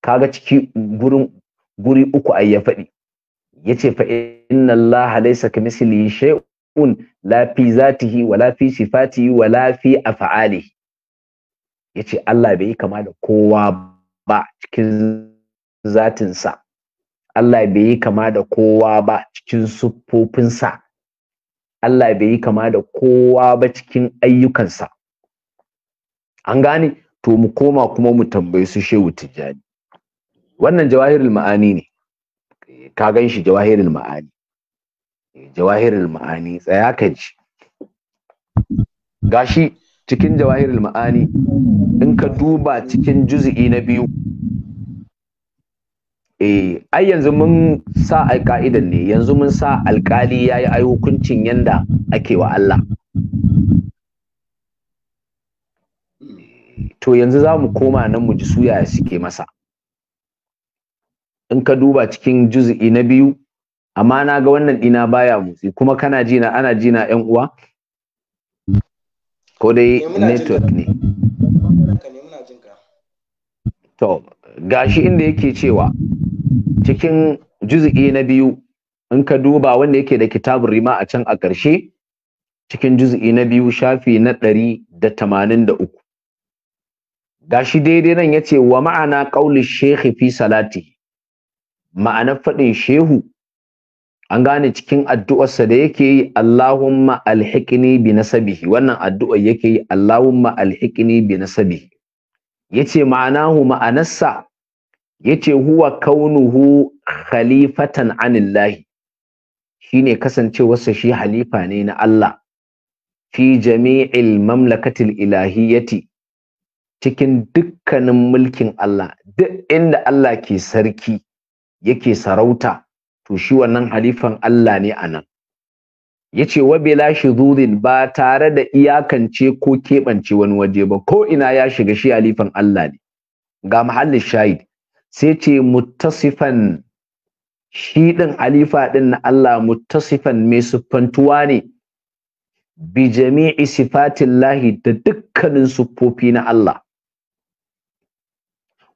kaga ciki gurin guri uku ayya ya faɗi yace fa inna Allah laysa kamithlihi shay'un la fi zatihi wala fi sifatihi wala fi af'alihi ya ce Allah bai yi kama da kowa ba cikin zatinsa Allah bai yi kama da kowa ba cikin siffofinsa Allah bai yi kama da kowa ba cikin ayyukansa an gane to mu koma kuma mu tambayi su shehu tijjani wannan jawahirul ma'ani ne ka gan shi jawahirul ma'ani eh, jawahirul ma'ani tsaya ka ji gashi cikin jawahirul ma'ani in ka duba cikin juz'i na biyu eh ai yanzu mun sa ai ka'idan ne yanzu mun sa alkali yayi ai hukuncin yanda ake wa Allah to yanzu za mu koma nan mu ji suya suke masa in ka duba cikin juz'i na biyu amma na ga wannan dina baya motsi kuma kana jina ana jina yan ƴan uwa ko dai eh, network ne to gashi inda yake cewa cikin juz'i na biyu in ka duba wanda yake da kitabun rima a can a ƙarshe cikin juz'i na biyu shafi na ɗari da tamanin da uku gashi daidai nan ya ce wa ma'ana ƙaunin Shehu fi salati ma'anar faɗin shehu an gane cikin addu'arsa da yake yi Allahumma alhiqni bi nasabihi wannan addu'a yake yi Allahumma alhiqni bi nasabihi yace ma'anahu ma'anarsa yace huwa kaunuhu khalifatan anillahi shine kasancewarsa shi halifa ne na Allah fi jami'il mamlakatil ilahiyyati cikin dukkanin mulkin Allah duk inda Allah ke sarki yake sarauta to shi wannan halifan Allah ne a nan yace wa bila shuzurin ba tare da iyakance ko keɓance wani waje ba ko ina ya shiga shi halifan Allah ne ga mahallin shahid sai ce muttasifan shi ɗin halifa ɗin na Allah muttasifan mai siffantuwa ne bi jami'i sifatillahi da dukkanin siffofi na Allah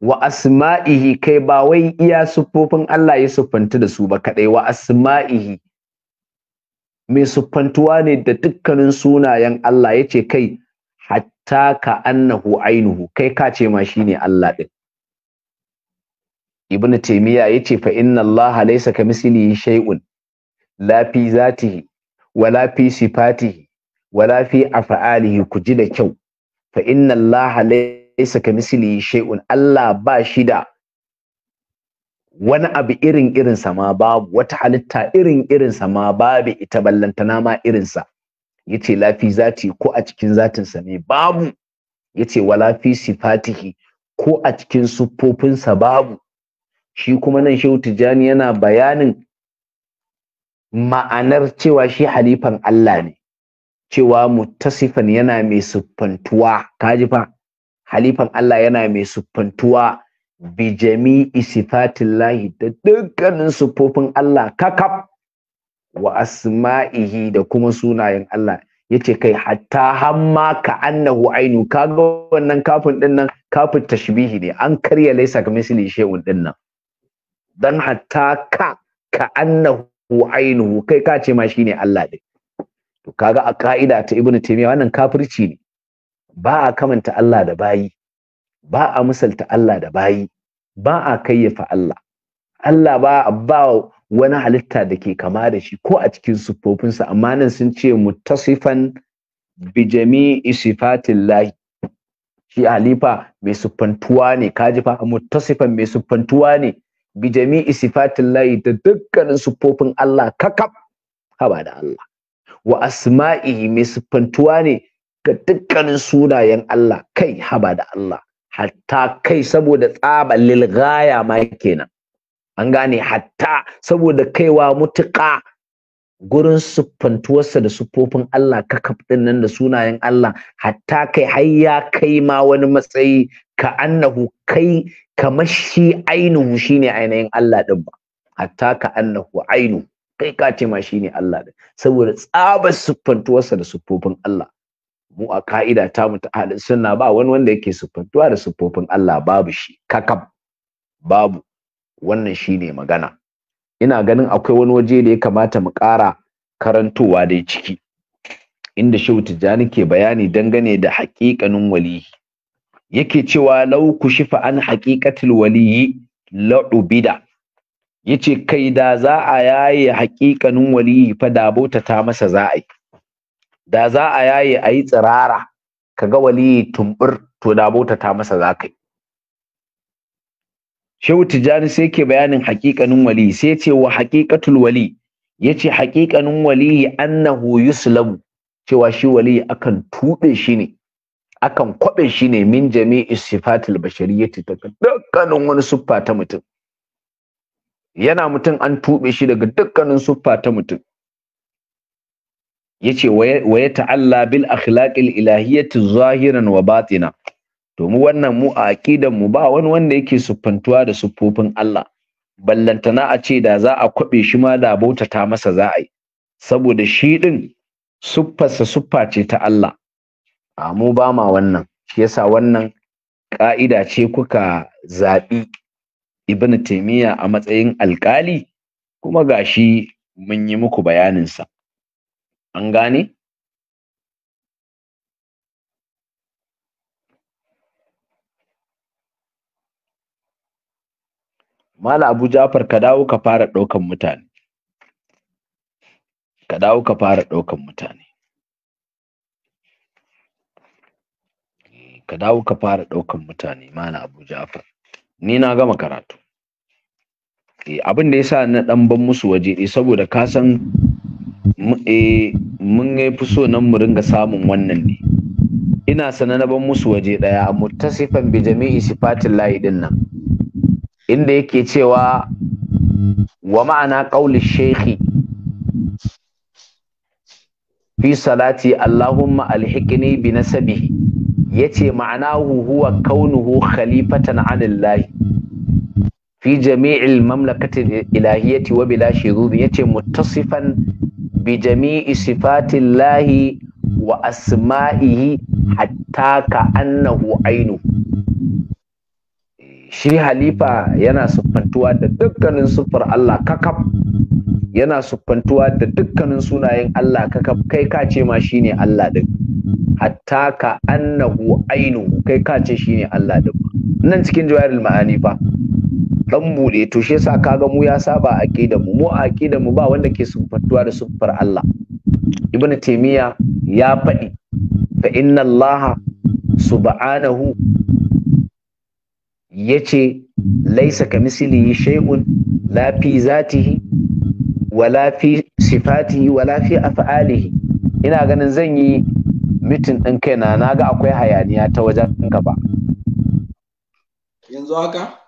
wa asma'ihi kai ba wai iya siffofin Allah ya siffanta da su ba kadai wa asma'ihi mai sufantuwa ne da dukkanin sunayen Allah ya ce kai hatta ka annahu ainuhu kai ka ce ma shine Allah din ibn taymiya yace fa inna Allah laysa kamithlihi shay'un la fi zatihi wala fi sifatihi wala fi af'alihi kuji da kyau fa inna Allah laysa laisa ka misili shay'un Allah ba shi da wani abu irin irin sa ma babu wata halitta irin irin sa ma babu ita ballantana ma irin sa yace lafi zati ko a cikin zatin sa ne babu yace wala fi sifatihi ko a cikin siffofin sa babu shi kuma nan Shehu Tijani yana bayanin ma'anar cewa shi halifan Allah ne cewa muttasifan yana mai siffantuwa kaji fa halifan Allah yana mai siffantuwa bi jami'i sifatillahi da dukkanin siffofin Allah kakaf wa asma'ihi da kuma sunayen Allah yace kai hatta hamma ka annahu ainu kaga wannan kafin din nan kafin tashbihi ne an karya laisa ka misli shay'un din nan dan hatta ka ka annahu ainu kai ka ce ma shine Allah din to kaga a ka'ida ta ibnu taymiya wannan kafirci ne ba a kamanta Allah da bayi ba a misalta Allah da bayi ba a kayyafa Allah Allah ba ba wani halitta da ke kama da shi ko a cikin siffofinsa amma nan sun ce muttasifan bi jami'i sifatillahi shi halifa mai siffantuwa ne kaji fa muttasifan mai siffantuwa ne bi jami'i sifatillahi da dukkanin siffofin Allah kakab haba da Allah wa asma'i mai siffantuwa ne ga dukkanin sunayen Allah kai haba da Allah hatta kai saboda tsaba lilgaya ma kenan an gane hatta saboda kaiwa mutuƙa gurin siffantuwarsa da siffofin Allah ka kafɗin nan da sunayen Allah hatta kai har ya kai ma wani matsayi ka annahu kai kamar shi ainihu shine ainihin Allah din ba hatta ka annahu ainu kai ka ce ma shine Allah din saboda tsabar siffantuwarsa da siffofin Allah mu a ka'ida ta mu ta ahlus sunna ba wani wanda yake sifantuwa da siffofin Allah babu shi kakab babu wannan shine magana ina ganin akwai wani waje da ya kamata mu ƙara karantowa dai ciki inda Shehu Tijjani ke bayani dangane da haƙiƙanin waliyi yake cewa lau kushifa an haqiqatil waliyi la ubida yace kai da za a yaye haƙiƙanin waliyi fa bautata ta masa za a yi da za a yaye a yi tsirara ka ga waliyi tumbur to da bauta ta masa za ka yi shehu tijjani sai ke bayanin haƙiƙanin wali sai ce wa haƙiƙatul wali ya ce haƙiƙanin wali annahu yuslamu cewa shi wali akan tuɓe shi ne akan kwaɓe shi ne min jami'i sifatil bashariyati daga dukkanin wani siffa ta mutum yana mutum an tuɓe shi daga dukkanin siffa ta mutum yace wa ya ta'alla bil akhlaqil ilahiyyati zahiran wa batina to mu wannan mu a aqidan mu ba wani wanda yake siffantuwa da siffofin Allah ballantana a ce da za a kwabe shi ma da bautata masa za a yi saboda shi din suffarsa suffa ce ta Allah a mu ba ma wannan shi yasa wannan ka'ida ce kuka zaɓi ibn taimiyya a matsayin alƙali kuma gashi mun yi muku bayaninsa an gane Mala Abu Ja'far ka dawo ka fara ɗaukan mutane. Ka dawo ka fara ɗaukan mutane. Ka dawo ka fara ɗaukan mutane Mala Abu Ja'far. Ni na gama karatu. Eh, abin da yasa na dan ban musu waje saboda ka san eh, mun fi so nan mu ringa samun wannan ne ina sana na ban musu waje daya mutasifan bi jami'i sifatin layi din nan inda yake cewa wa ma'ana qauli shekhi fi salati allahumma alhiqni bi nasabihi yace ma'anahu huwa kaunuhu khalifatan 'ala fi jami'il mamlakatil ilahiyati wa bila shirubi yace muttasifan bi jami'i sifatillahi wa asma'ihi hatta ka annahu ainu shi halifa yana siffantuwa da dukkanin siffar Allah kakaf yana siffantuwa da dukkanin sunayen Allah kakaf kai ka ce ma shine Allah din hatta ka annahu ainu kai ka ce shine Allah din nan cikin jawairul ma'ani fa dan bude to shi yasa kaga mu ya saba aqida mu mu aqida mu ba wanda ke sumfantuwa da sufar Allah ibn taymiya ya faɗi fa inna Allah subhanahu yace laisa kamisli shay'un la fi zatihi wala fi sifatihi wala fi af'alihi ina ganin zan yi mitin ɗin kaina na ga akwai hayaniya ta wajen ka ba yanzu haka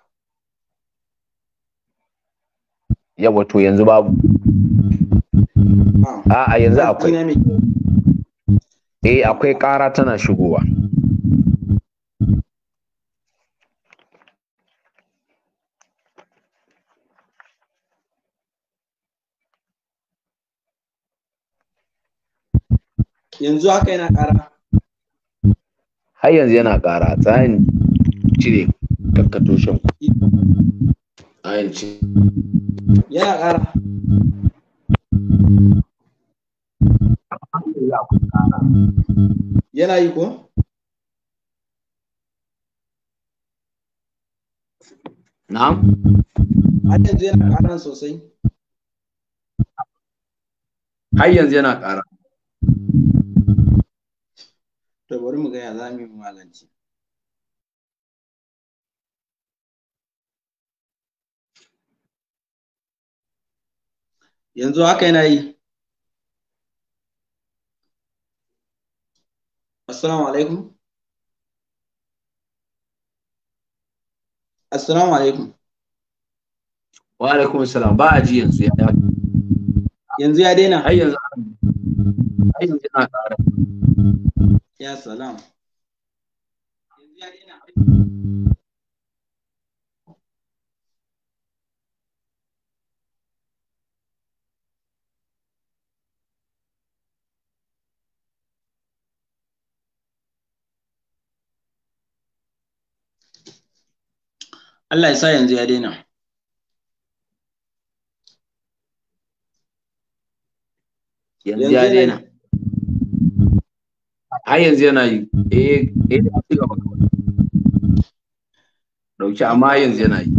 yawa to yanzu babu ah. a'a yanzu akwai eh akwai ƙara tana shigowa yanzu haka yana kara har yanzu yana ƙara tsayin cire kakkatoshin yana ƙara yana yi ko na'am har yanzu yana ƙara sosai har yanzu yana ƙara to bari mu ga ya za mu yi malanci yanzu haka yana yi assalamu alaikum assalamu alaikum wa alaikum salam ba a ji yanzu ya yanzu ya daina har yanzu har yanzu ƙara ya salam Allah ya sa yanzu ya daina yanzu ya daina Ai yanzu yana yi eh eh da ci gaba kawai dauki amma yanzu yana yi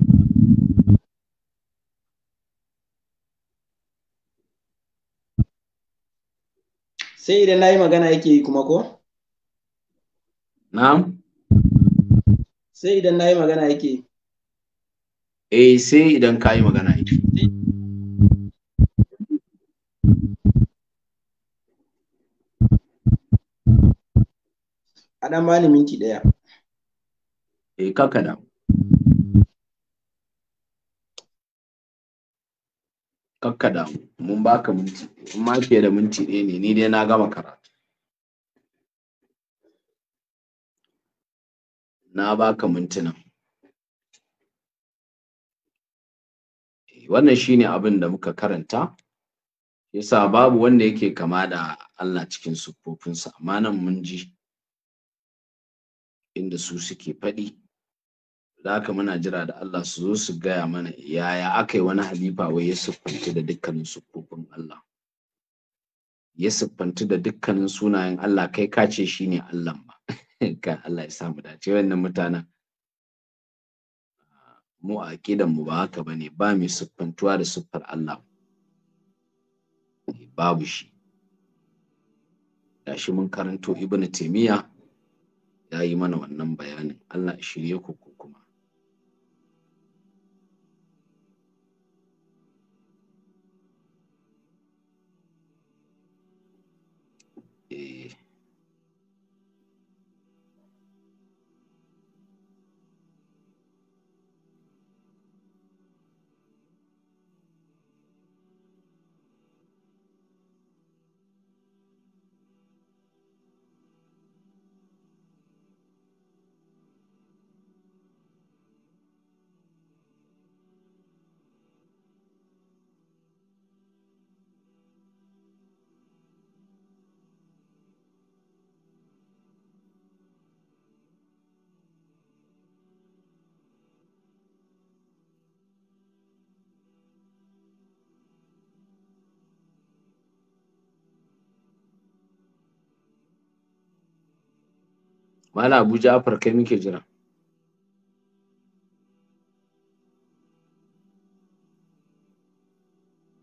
sai idan na yi magana yake yi kuma ko na'am sai idan na yi magana yake yi eh sai idan ka yi magana a ɗan bani minti ɗaya eh kaka da kakka da mun baka minti in ma fiye da minti ɗaya ne ni dai na gama karatu na baka mintuna wannan shine abin da muka karanta yasa babu wanda yake kama da Allah cikin sa amma nan mun ji inda su suke faɗi da haka muna jira da Allah su zo su gaya mana yaya aka wani halifa wai ya siffanci da dukkanin siffofin Allah ya siffanci da dukkanin sunayen Allah kai ka ce shine Allah ba kan Allah ya samu dace wannan mutanen mu a aƙidan mu ba haka ne ba mai siffantuwa da siffar Allah eh, babu shi shi mun karanto ibnu taimiyya ya yi mana wannan bayanin Allah shirye ku Malam Abuja Ja'far kai muke jira.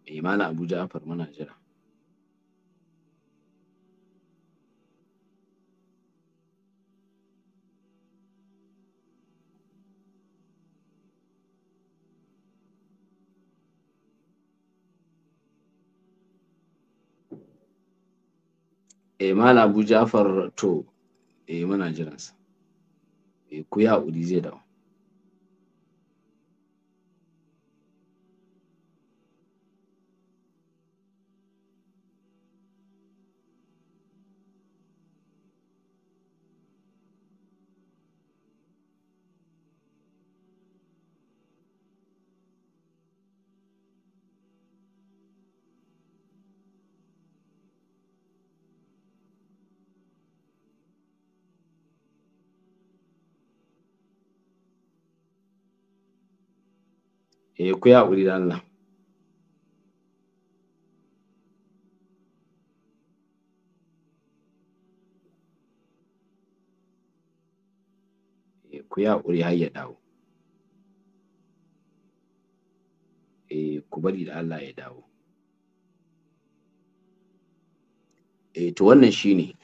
Eh Malam Abuja Ja'far muna jira. Eh Malam Abuja Ja'far to eh muna jiransa E, ku ya haƙuri zai dawo eh ku ya haƙuri da Allah eh, ku yi haƙuri har ya dawo eh ku bari da Allah ya dawo eh to wannan shine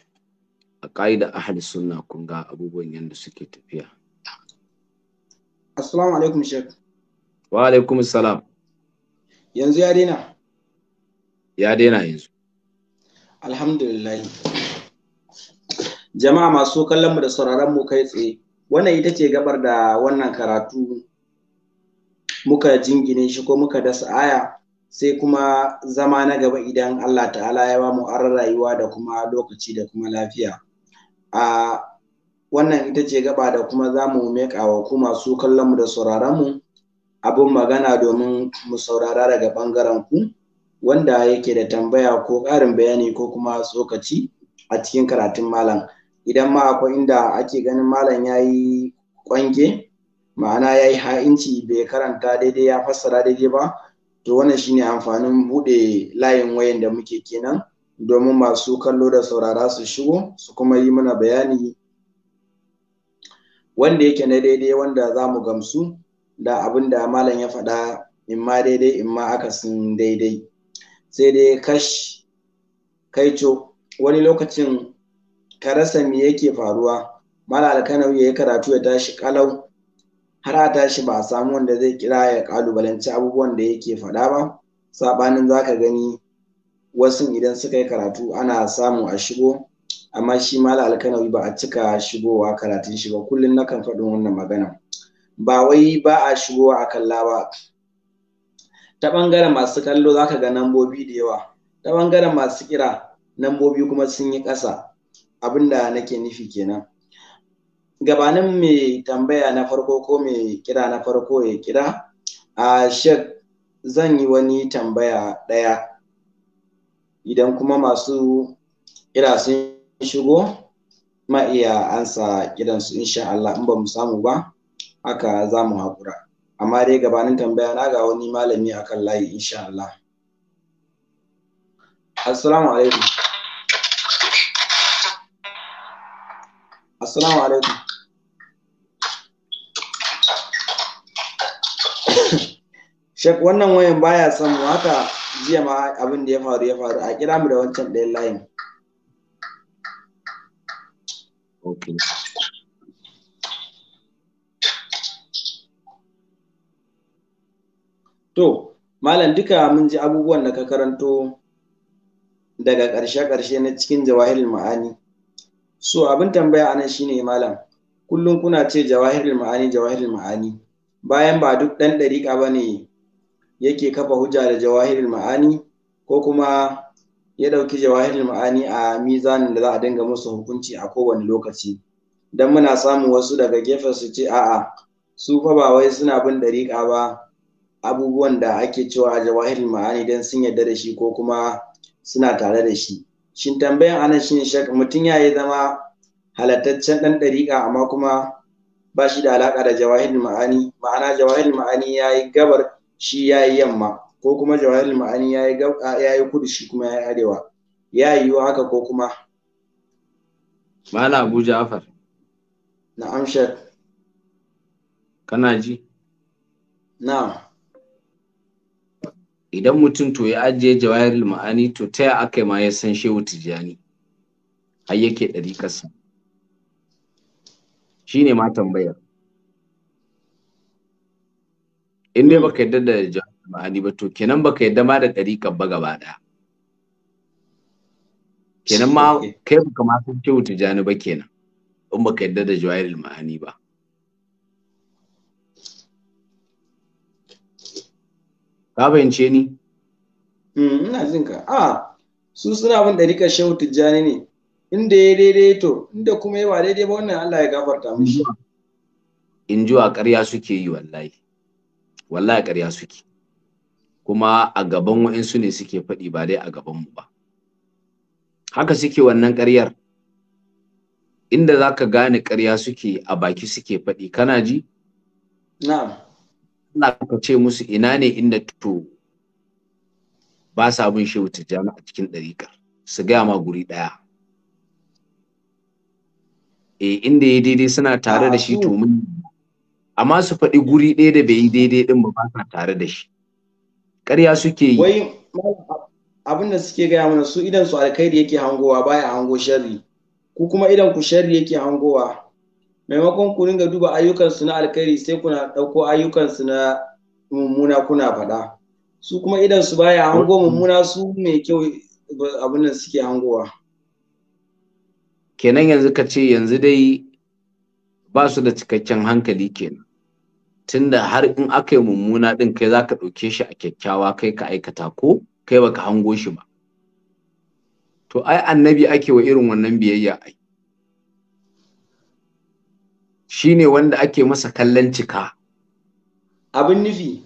a ƙa'ida ahli sunna kun ga abubuwan yanda suke tafiya assalamu alaikum Sheikh. Wa alaikum salam. Yanzu ya daina? Ya daina yanzu. Alhamdulillah. Jama'a masu kallon da sauraron mu kai tsaye. Wannan ita ce gabar da wannan karatu muka jingine shi ko muka dasa aya sai kuma zama na gaba idan Allah ta'ala ya ba mu an rayuwa da kuma lokaci da kuma lafiya. A wannan ita ce gaba da kuma za mu meƙa wa ku masu kallon da sauraron mu. abin magana domin mu saurara daga ɓangaren ku wanda yake da tambaya ko ƙarin bayani ko kuma tsokaci a cikin karatun malam idan ma akwai inda ake ganin malam ya yi ƙwange ma'ana ya yi ha'inci bai karanta daidai ya fassara daidai ba to wannan shine amfanin buɗe layin wayan da muke kenan domin masu kallo da saurara su shigo su kuma yi mana bayani wanda yake na daidai wanda za mu gamsu da abin da malam ya faɗa in ma daidai in ma akasin daidai sai dai kash kaico wani lokacin ka rasa me yake faruwa mala alkanau ya yi karatu ya tashi kalau har a tashi ba a samu wanda zai kira ya kalubalanci abubuwan da yake faɗa ba sabanin za ka gani wasu idan suka yi karatu ana samu a shigo amma shi mala alkanawi ba a cika shigowa karatun shi ba kullum nakan faɗin wannan magana ba wai ba a shigo a kalla ba ta bangaren masu kallo za ka ga nambobi da yawa ta bangaren masu kira nambobi kuma sun yi ƙasa abinda nake nufi kenan gabanin mai tambaya na farko ko mai kira na farko ya kira a shek zan yi wani tambaya ɗaya idan kuma masu kira sun shigo ma iya ansa kiransu insha Allah in ba mu samu ba haka za mu haƙura amma dai gabanin tambaya na ga wani malami akan layi insha Allah assalamu alaikum assalamu alaikum shek wannan wayan baya son mu haka jiya ma abin da ya faru ya faru a kira mu da wancan ɗayan layin Okay. To, Malam duka mun ji abubuwan da ka karanto daga ƙarshe-ƙarshe na cikin jawahirul ma'ani. So, abin tambaya anan shine Malam, kullum kuna ce jawahirul ma'ani, jawahirul ma'ani. Bayan ba duk ɗan ɗariƙa ba ne yake kafa hujja da jawahirul ma'ani ko kuma ya ɗauki jawahirul ma'ani a mizanin da za a dinga musu hukunci a kowane lokaci. Don muna samun wasu daga gefen su ce a'a, su fa ba wai suna bin ɗariƙa ba, abubuwan da ake cewa a jawahirin ma'ani don sun yarda da shi ko kuma suna tare da shi shin tambayan anan ne shak mutum ya yi zama halattaccen ɗan ɗariƙa amma kuma ba shi da alaƙa da jawahirin ma'ani ma'ana jawahirin ma'ani ya yi gabar shi ya yi yamma ko kuma jawahirin ma'ani ya yi kudu shi kuma yi arewa ya yi yiwu haka ko kuma Mala Abu Ja'far Na'am shak kana ji Na'am idan mutum to ya ajiye jawahirul ma'ani to ta ya aka ma ya san shehu tijjani har yake ɗariƙarsa shi ne ma tambayar in dai baka yadda da jawahirul ma'ani ba to kenan baka yadda ma da ɗariƙar ba gaba ɗaya kenan ma kai baka ma san shehu tijjani ba kenan in baka yadda da jawahirul ma'ani ba ka fahimce ni hmm, ina jin ka a ah, su suna bin ɗarikar shehu tijjani ne inda ya daidai to inda kuma yawa daidai ba wannan Allah ya gafarta mishi in ji wa ƙarya suke yi wallahi wallahi ƙarya suke kuma a gaban wa'insu ne suke faɗi ba dai a gaban mu ba haka suke wannan ƙaryar inda za ka gane ƙarya suke a baki suke faɗi kana ji na'am Allah ka ce musu ina ne inda to ba sa bin shehu tijjani a cikin ɗariƙar su gaya ma guri ɗaya e inda ya daidai suna tare da shi ah, to mun amma su faɗi guri ɗaya da bai yi daidai ɗin ba ba sa tare da shi ƙarya suke yi wai abin da suke gaya mana su idan su alkhairi yake hangowa baya hango sharri ku kuma idan ku sharri yake hangowa maimakon ku ringa duba ayyukansu na alkhairi sai kuna ɗauko ayyukansu na mummuna kuna faɗa su kuma idan su baya hango mummuna su mai kyau abin nan suke hangowa kenan yanzu ka ce yanzu dai ba su da cikakken hankali kenan tunda har in aka yi mummuna din kai za ka ɗauke shi a kyakkyawa kai ka aikata ko kai baka hango shi ba to ai annabi ake wa irin wannan biyayya ai shine wanda ake masa kallon cika abin nufi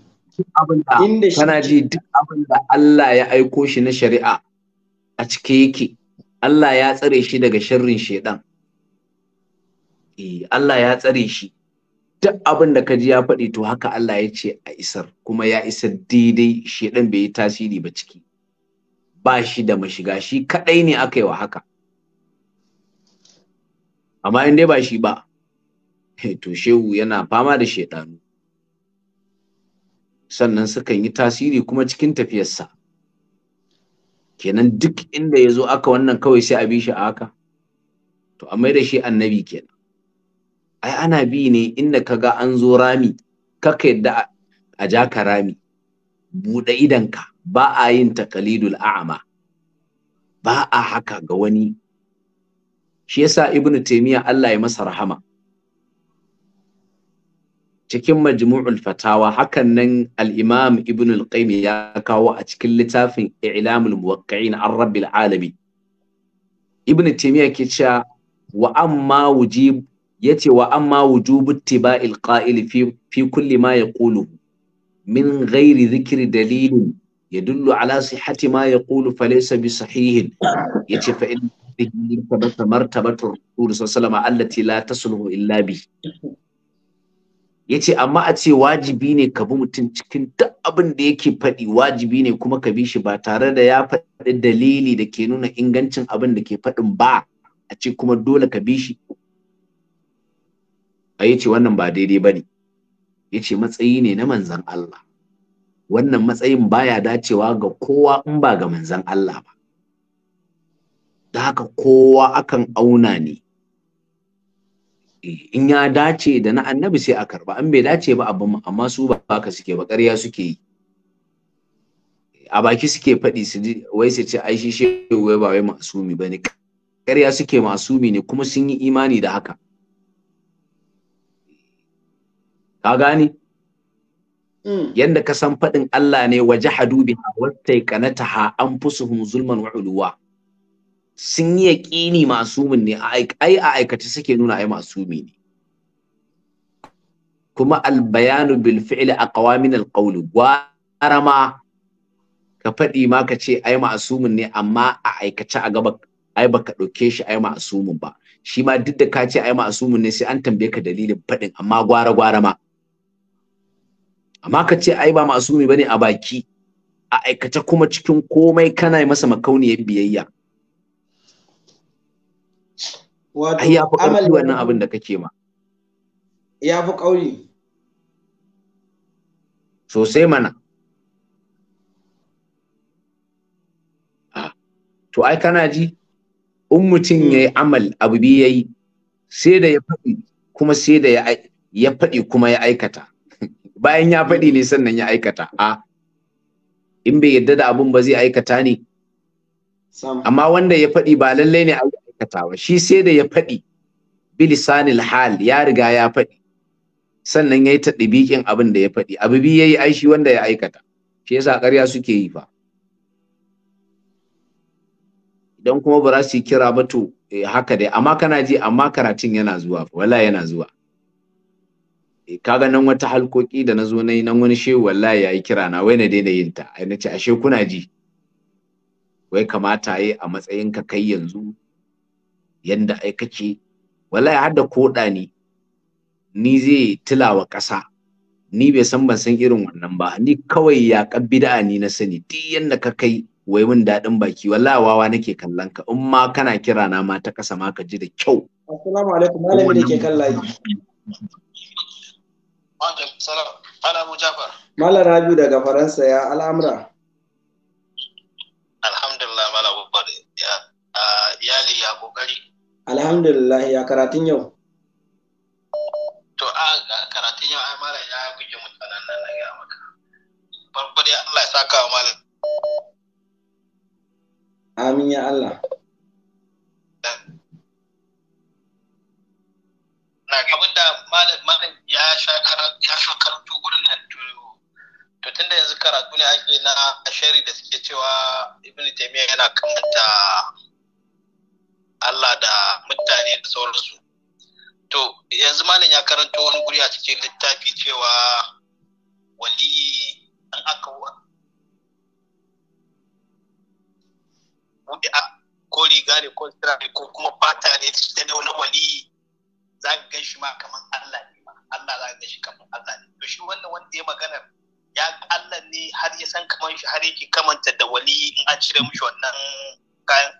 inda shi ji duk abin da Allah ya aiko shi na shari'a a cike yake Allah ya tsare shi daga sharrin shedan eh Allah ya tsare shi duk abin da ji ya faɗi to haka Allah ya ce a isar kuma ya isar daidai shedan bai yi tasiri ba ciki ba shi da mashiga shi kadai ne aka yi wa haka amma in dai ba shi ba Eh, to shehu yana fama da shaidanu sannan sukan yi tasiri kuma cikin tafiyarsa kenan duk inda ya zo aka wannan kawai sai a bi shi a haka to a mai da shi annabi kenan ai ana bi ne inda ka ga an zo rami kaka yadda a ja ka rami buɗe idanka ba a yin takalidul a'ama ba a haka ga wani shi yasa ibnu taymiya Allah ya masa rahama cikin majmu'ul fatawa hakan nan al-imam ibn al ya kawo a cikin littafin i'lamul muwaqqi'in ar-rabbil alami ibn taymiyyah ke cewa wa amma wujib yace wa amma wujubu ittiba'il qa'il fi fi kulli ma yaqulu min ghairi dhikri dalil yadullu ala sihhati ma yaqulu fa laysa bi sahihin yace fa in tabata martabatu rasul sallallahu alaihi wasallam allati la tasluhu illa bi Ya ce, amma a ce wajibi ne ka bi mutum cikin duk abin da yake faɗi wajibi ne kuma ka bi shi ba tare da ya faɗi dalili da ke nuna ingancin abin da ke faɗin ba a ce kuma dole ka bi shi a yi ce wannan ba daidai ba ne Ya ce matsayi ne na manzan Allah wannan matsayin baya dacewa ga kowa in ba ga manzan Allah ba da haka kowa akan auna ne in ya dace da na annabi sai a karba an bai dace ba abin amma su ba haka suke ba ƙarya suke yi a baki suke faɗi su ji wai su ce aishi shi wai ba wai masumi ba ne ƙarya suke masumi ne kuma sun yi imani da haka ka gane mm. yanda ka san faɗin Allah ne waje hadubi wata kanata ha an fusuhum zulman wa uluwa sun yi yaƙini masumin ne a aikace suke nuna ai masumi ne kuma albayanu bil fi'li a al qawl gwara ma ka faɗi ma ka ce ai masumin ne amma a aikace a gaba ai baka ɗauke shi ai masumin ba shi ma duk da ka ce ai masumin ne sai an tambaye ka dalilin faɗin amma gwara gwara ma amma ka ce ai ba masumi bane a baki a aikace kuma cikin komai kana masa makauniyar biyayya wato ai ya fi ƙarfi wannan abin da kake ma ya fi ƙauri sosai mana ah, to ai kana ji in mutum hmm. ya yi amal abu biyu ya yi sai da ya faɗi kuma sai da ya faɗi kuma ya aikata bayan ya faɗi ne sannan ya aikata a in bai yadda da abun ba zai aikata ne amma wanda ya faɗi ba lallai ne aikatawa shi sai da ya faɗi bilisanil hal ya riga ya faɗi sannan yayi ta ɗibikin abin da ya faɗi abu biyu ya yi aishi wanda ya aikata shi yasa ƙarya suke yi fa idan kuma ba za su yi kira ba to eh, haka dai amma kana ji amma karatun yana zuwa fa wallahi yana zuwa eh, kaga nan wata halkoki da na zo na yi nan wani shehu wallahi ya yi kira na wai na daina yin ta ai na ce ashe kuna ji wai kamata yi a matsayin ka kai yanzu yanda ai kace wallahi har da koda ni, ni zai tilawa ƙasa ni bai san ban san irin wannan ba ni kawai ya kan bid'a ni na sani duk yanda ka kai wai mun daɗin baki wallahi wawa nake kallon ka in ma kana kira na ma ta ƙasa ma ka ji da kyau assalamu alaikum malami ne ke kallaye Malam Rabiu daga Faransa ya al'amura. Alhamdulillah Malam Bukari ya iyali ya kokari. Alhamdulillah ya karatun yau. To a karatun yau ai malam ya kuke mutanen nan na gaya maka. Farko dai Allah ya saka wa malam. Amin ya Allah. Na ga abinda malam malam ya sha karatu ya sha karatu gurin nan to to tunda yanzu karatu ne ake na ashari da suke cewa Ibn Taymiyyah yana kamanta Allah da mutane da sauransu to yanzu malam ya karanta wani guri a cikin littafi cewa wali an aka buɗe a ko riga ne ko sira ne ko kuma fata ne ta da wani wali za ka gan shi ma kamar Allah ne ma Allah za ka gan shi kamar Allah ne to shi wannan wanda ya maganar ya Allah ne har ya san kamar shi har yake kamanta da wali in an cire mishi wannan kayan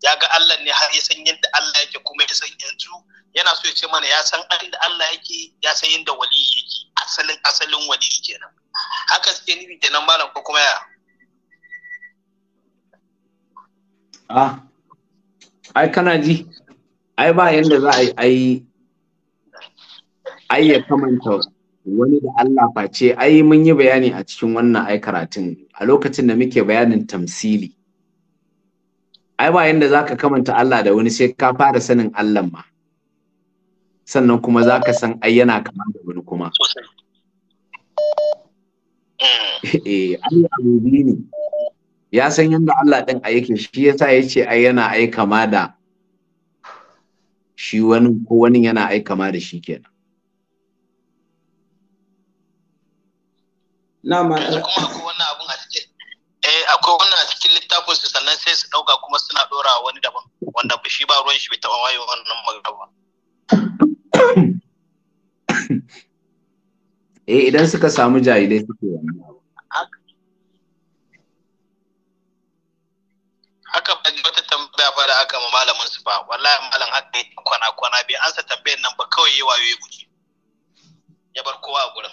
ya ga Allah ne har ya san yadda Allah yake kuma ya san yanzu yana so ya ce mana ya san da Allah yake ya san yadda wali yake asalin asalin wali nan, haka suke nufi nan malam ko kuma ya a ah, ai kana ji ai ba yanda za a yi ai ya kamanta wani da Allah face ai mun yi bayani a cikin wannan ai karatun a lokacin da muke bayanin tamsili ai ba yanda zaka kamanta Allah da wani sai ka fara sanin Allah ma sannan kuma zaka san ai yana kama da wani kuma eh Allah abubi ne ya san yanda Allah din a yake shi yasa yace ai yana ai kama da shi wani ko wani yana ai kama da shi kenan na ma akwai wannan a cikin eh akwai wannan a cikin gun su sannan sai su dauka kuma suna dora wani daban wanda ba shi ba ruwan shi bai taba wayo wannan magana ba eh idan suka samu jahilai suke wannan haka ba wata tambaya ba da aka ma malamin su ba wallahi malam haka yake kwana kwana bai ansa tambayar nan ba kawai yayi wayo ya guji ya bar kowa a gurin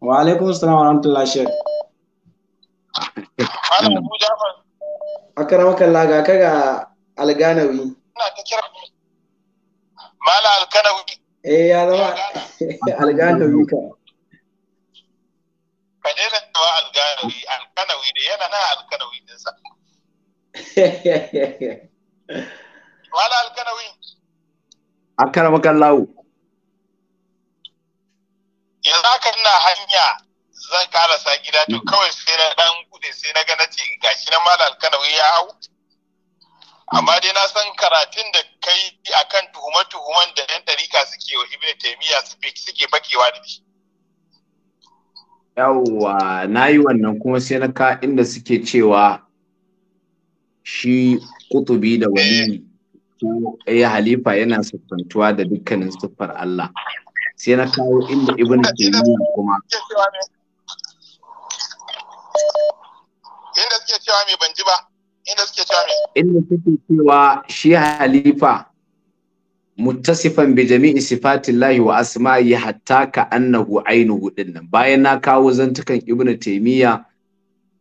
wa alaikum assalam wa rahmatullah shek malam abu jafar akaramaka Allah ga alganawi ina ta eh, ka ka yanzu haka ina hanya zan karasa gida to kawai sai na dan gude sai na ga na ce gashi na mala alkanawi ya hau amma dai na san karatun da kai a kan tuhume-tuhumen da yan ɗarika suke wa ibn taimiyya suke bakewa da shi yawwa na yi wannan kuma sai na ka inda suke cewa shi kutubi da wani ko ya halifa yana siffantuwa da dukkanin siffar Allah sai na kawo inda ibn taymiya kuma inda suke cewa me ban ji ba inda suke cewa me inda suke cewa shi halifa muttasifan bi jami'i sifatillahi wa asma'i hatta ka annahu ainuhu dinnan bayan na kawo zantukan ibn taymiya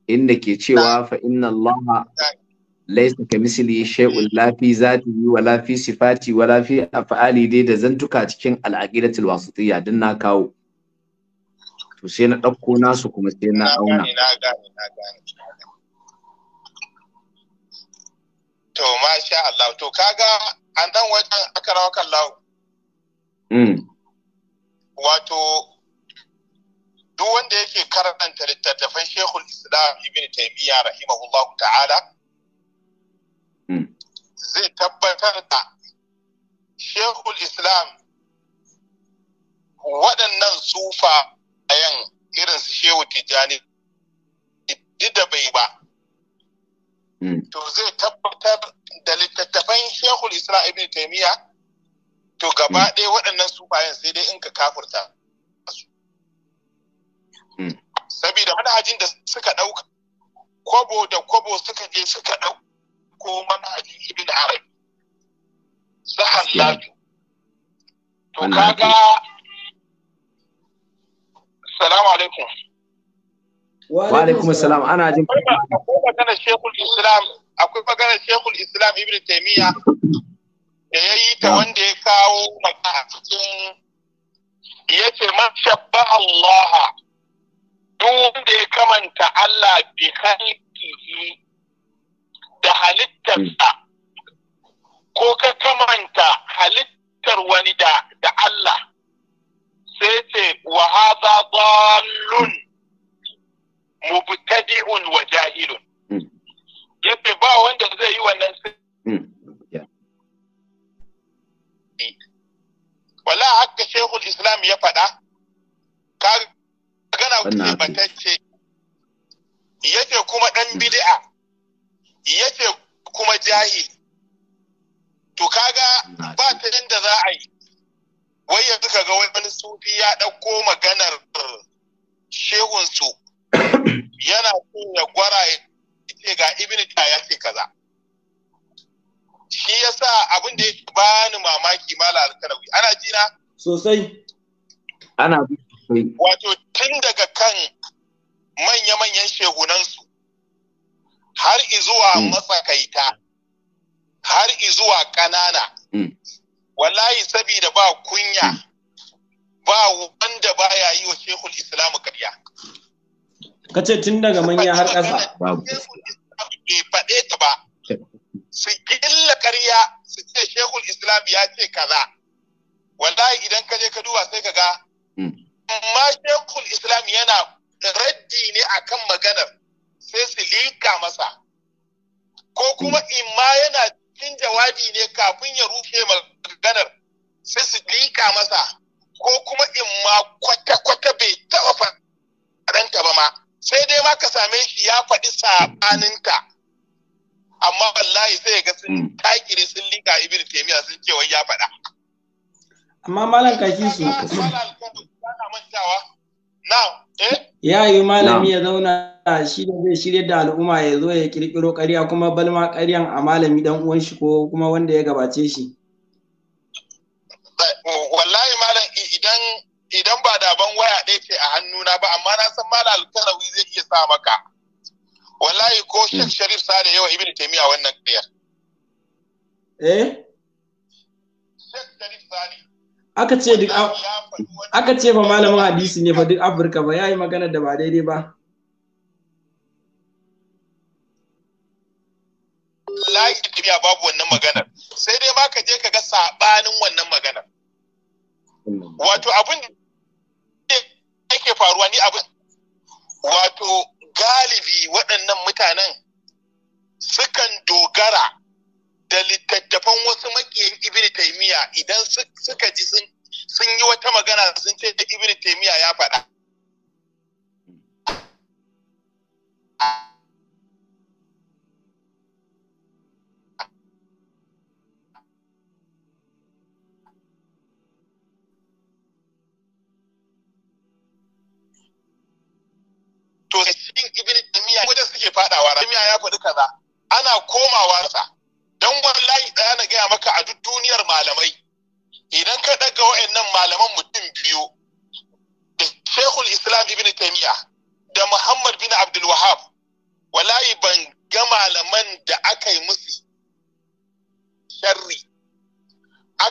inda ke cewa fa inna allaha laisa ka misli shay'un la fi zatihi wa la fi sifati wa la fi af'ali dai da zantuka cikin al'aqidatul wasitiyya din na kawo to sai na ɗauko nasu kuma sai na auna to masha Allah to kaga an dan wajen aka rawa kallahu mm wato duk wanda yake karanta littattafan Sheikhul Islam Ibn Taymiyyah rahimahullahu ta'ala Hmm. zai tabbatar da shekul islam waɗannan tsufa a yan irin su shehu tijjani da bai ba hmm. to zai tabbatar da littattafan shekul islam ibn taimiyya to gaba hmm. ɗaya waɗannan tsufa yan sai dai in ka kafurta saboda manhajin da suka ɗauka kwabo da kwabo suka je suka ɗauka ɗauko manhajin ibn arabi su hallatu to kaga salamu alaikum wa alaikum salam ana jin akwai magana shekul islam akwai magana shekul islam ibn taymiya da ya yi ta wanda ya kawo magana cikin ya ce man shabba Allah duk wanda ya kamanta Allah bi khalqihi da halittarsa mm. ko ka kamanta halittar wani da da Allah sai ce wa haza dallun mubtadi'un wa jahilun mm. yace ba wanda zai yi wannan mm. wala haka shehul islam ya faɗa ka gana batacce yace kuma dan bid'a yace kuma jahili to kaga ba ta da za a yi wai yanzu ga wani sufi ya ɗauko maganar shehunsu yana so ya gwara ya ce ga ibn ya ce kaza shi yasa abin da ya bani mamaki mala alkarawi ana jina sosai ana wato tun daga kan manya-manyan shehunansu har izuwa mm. matsakaita har izuwa ƙanana mm. wallahi sabida ba kunya mm. ba wanda baya yi wa shehul islam ƙarya kace tun daga manya har ƙasa babu ke faɗe ta ba su gilla ƙarya su ce shehul islam ya ce kaza wallahi idan ka je ka duba sai ka ga amma shehul islam yana raddi ne akan maganar su masa ko kuma hmm. in ma yana cikin jawabi ne kafin ya rufe maganar sai su liƙa masa ko kuma in ma kwata-kwata bai taɓa faranta ba ma sai dai ma ka same shi ya faɗi sabaninta, amma wallahi sai ya ga sun hmm. takire sun liƙa ibn taimiya sun ce wai ya faɗa amma malam kashi su Eh? ya yi malami ya zauna shi da zai shirya da al'umma ya zo ya kirkiro ƙarya kuma balma ƙaryan a malami dan uwan shi ko kuma wanda ya gabace shi wallahi malam idan idan ba da ban waya ɗaya ce a hannuna ba amma na san malam alkarawi zai iya sa maka wallahi ko Sheikh hmm. sharif sa da yawa ibn taymiya wannan ƙaryar eh Sheikh sharif sani aka ce duk aka ce fa malamin hadisi ne fa duk afirka ba ya yi magana da ba daidai ba layi tafiya babu wannan maganar sai dai ma ka je ka ga sabanin wannan maganar wato abin da yake faruwa ni abin wato galibi waɗannan mutanen sukan dogara da littattafan wasu makiyan ibn taymiya idan suka ji sun yi wata magana sun ce da ibn taymiya ya faɗa to shin ibn taymiya wajen suke faɗawa taymiya ya faɗi kaza ana komawa sa dan wallahi da na gaya maka a duk duniyar malamai idan ka ɗaga wa'annan malaman mutum biyu da shekul islam ibn taimiyya da muhammad bin abdul wahab wallahi ban ga malaman da aka yi musu sharri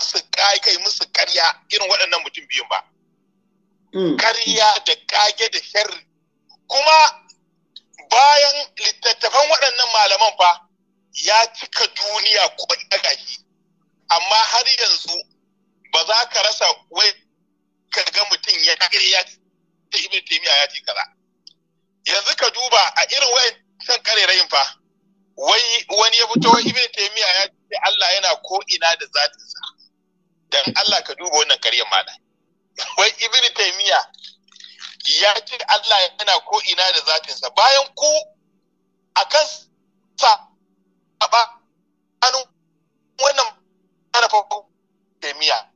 su kai musu karya irin waɗannan mutum biyun ba karya mm. da kage da sharri kuma bayan littattafan waɗannan malaman fa ya cika duniya ko ina shi amma har yanzu ba za ka rasa wai ka ga mutum ya kare ya ta ibn taymiya ya ce kaza yanzu ka duba a irin wayan san rayin fa wai wani ya fito ibn taymiya ya ce Allah yana ko ina da zatinsa dan Allah ka duba wannan karyar mana wai ibn taymiya ya ce Allah yana ko ina da zatinsa bayan ku akan sa ba anin wannan mana fa taimiya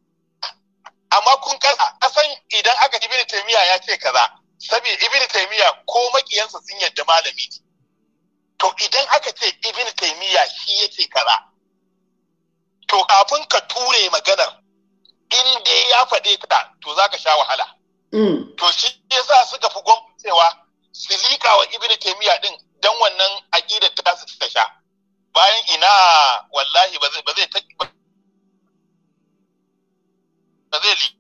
amma kun kasa asan idan aka ibnu taimiya ya ce kaza saboda ibnu taimiya ko makiyansa sun yadda malami to idan aka ce ibnu taimiya shi yake kaza to kafin ka ture maganar in dai ya faɗe ta to za ka sha wahala. Mm. To shi yasa suka fi gwamnati su liƙa wa Ibn din dan wannan aƙidar ta su ta sha. bayan ina wallahi ba zai ba zai ba zai li ba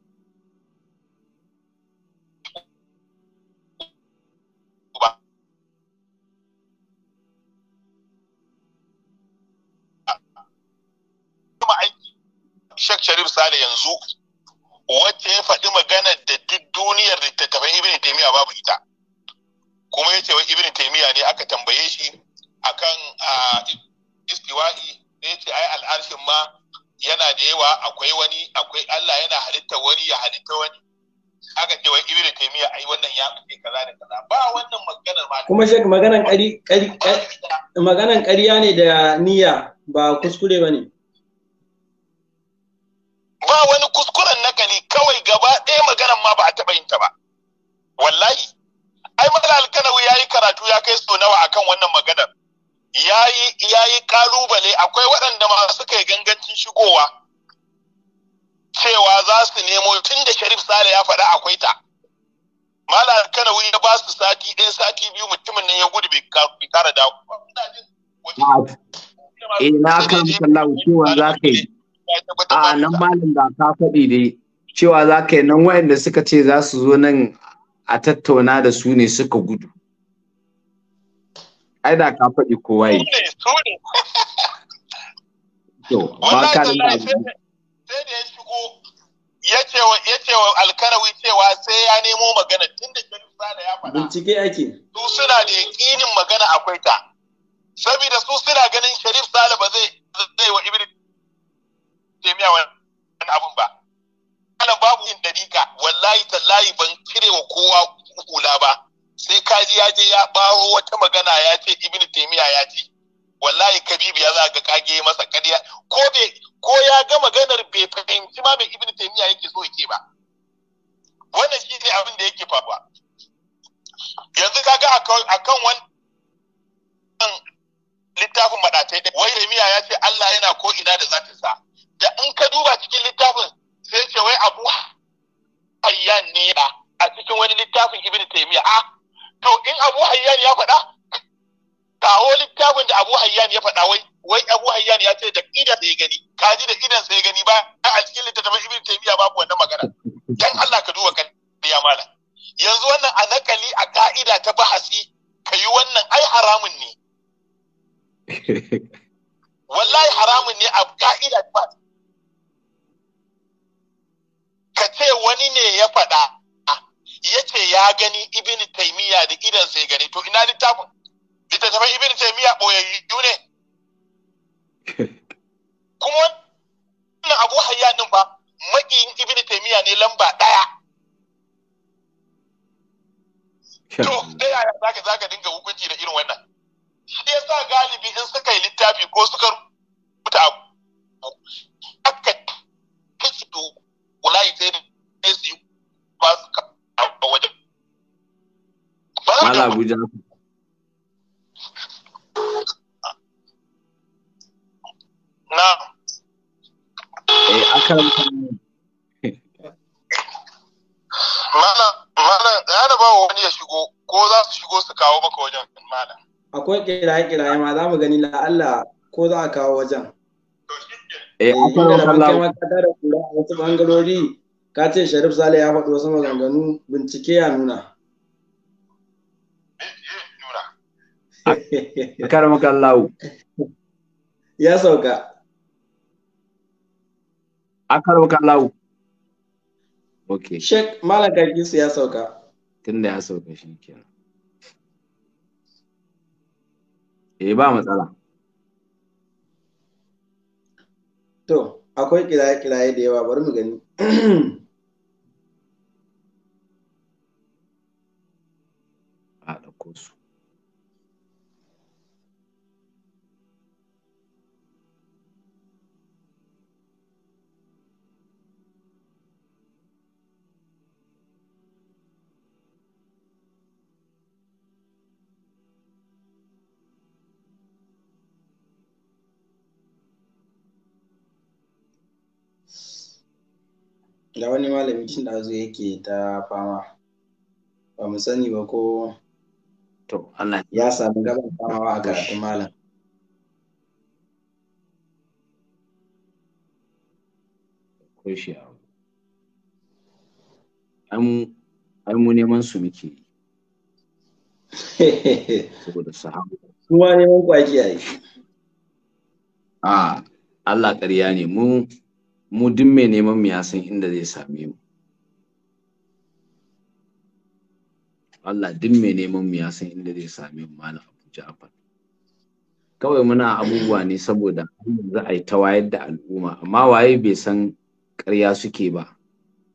Sheikh Sharif Sale yanzu wacce ya faɗi magana da duk duniyar littattafan Ibn Taymiyyah babu ita kuma ya ce wai Ibn Taymiyyah ne aka tambaye shi akan ah, istiwa'i da ya ce ai al'arshin ma yana da yawa akwai wani akwai Allah yana halitta wani ya halitta wani aka ce wai ibnu taymiya ai wannan ya fi kaza da kaza ba wannan maganar ma kuma shek maganan kari kari maganan kariya ne da niyya ba kuskure bane ba wani kuskuren na gani kawai gaba ɗaya maganar ma ba a taɓa yin ta ba wallahi ai mala alkanawi yayi karatu ya kai so nawa akan wannan maganar ya yi kalubale akwai waɗanda ma suka yi gangancin shigowa cewa za su nemo tun da sharif sale ya faɗa akwai ta mala kanawi ya ba su sati ɗaya sati biyu mutumin nan ya gudu bai kara dawo ah, eh na kan sallahu cewa za ka yi a ah, nan malam da ka faɗi dai cewa za ka yi nan waɗanda suka ce za su zo nan a tattauna da su ne suka gudu ai da ka faɗi kowa yi. Su ne, su ne. Wallahi sai da ya shigo ya ce wa ya ce wa alkarawi cewa sai ya nemo magana tunda kin sada ya faɗa. Bincike ake. Su suna da yakinin magana akwai ta. Saboda su suna ganin Sharif Sale ba zai zai wa Ibn Taymiya wannan abin ba. Kana babu yin dariƙa wallahi tallahi ban cire wa kowa hula ba. sai kaji ya je ya baro wata magana ya ce ibnu taimiya ya ce wallahi kabibu ya za ga kage masa kariya ko ko ya ga maganar bai fahimci ma mai ibnu taimiya yake so yake ba wannan shi ne abin da yake faruwa yanzu ka a akan wani littafin madatai da wai taimiya ya ce Allah yana ko ina da ta sa da in ka duba cikin littafin sai ce wai abu ayyan ne a cikin wani littafin ibnu taimiya. a ah, to in abu hayyan ya faɗa kawo littafin da abu hayyan ya faɗa wai wai abu hayyan ya ce da idan sai gani ka ji da idan sai gani ba a cikin littattafan ibn taymiya babu wannan magana dan Allah ka duba kan ya mala yanzu wannan a nakali a ka'ida ta bahasi ka yi wannan ai haramun ne wallahi haramun ne a ka'ida ta bahasi ka ce wani ne ya faɗa ya ce ya gani ibn taimiyya da idan sai gani to ina littafin littattafan ibn taimiyya boyayyu ne kuma wannan abu hayya din ba makiyin ibn taimiyya ne lamba ɗaya. to da yaya zaka zaka dinga hukunci da irin wannan shi ya sa galibi in suka yi littafi ko suka rubuta abu aka kici to wallahi sai ne su yi ba su a wajen Mala Abuja. Eh, akan ba wani ya shigo, ko za su shigo su kawo maka wajen Akwai kiraye-kiraye ma za mu gani Allah ko za a kawo wajen. Eh, akwai wajen la'alla. Kai ma ka tara kura a wasu bangarori ka ce sharif sale ya faɗi wasu maganganu bincike ya nuna eh, eh, a karmakan ya sauka a karmakan lawo. ok shek malaka kisu ya sauka tunda ya sauka shi kenan eh ba matsala to akwai kiraye-kiraye da yawa bari mu gani ga wani malami tun da zo yake ta fama ba mu sani ba ko to Allah ya samu gaban famawa a karatun malam ko shi an ai mu neman su muke saboda sahaba kuma neman kwaki ai a ah, Allah ƙarya ne mu mu duk mai neman mu ya san inda zai same mu Allah duk mai neman mu ya san inda zai same mu malam Abu Ja'far kawai muna abubuwa ne saboda za a yi ta wayar da al'umma amma waye bai san ƙarya suke ba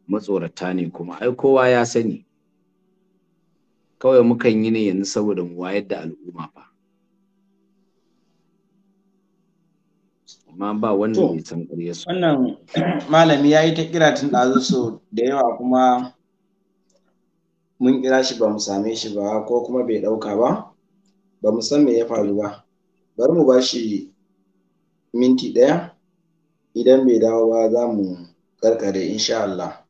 matsorata ne kuma ai kowa ya sani kawai mukan yi ne yanzu saboda mu wayar da al'umma fa amma ba wanda bai san ƙarya su wannan malami ya yi ta kira tun ɗazu da yawa kuma mun kira shi ba mu same shi ba ko kuma bai ɗauka ba ba mu san me ya faru ba bari mu ba shi minti ɗaya idan bai dawo ba za mu karkare insha Allah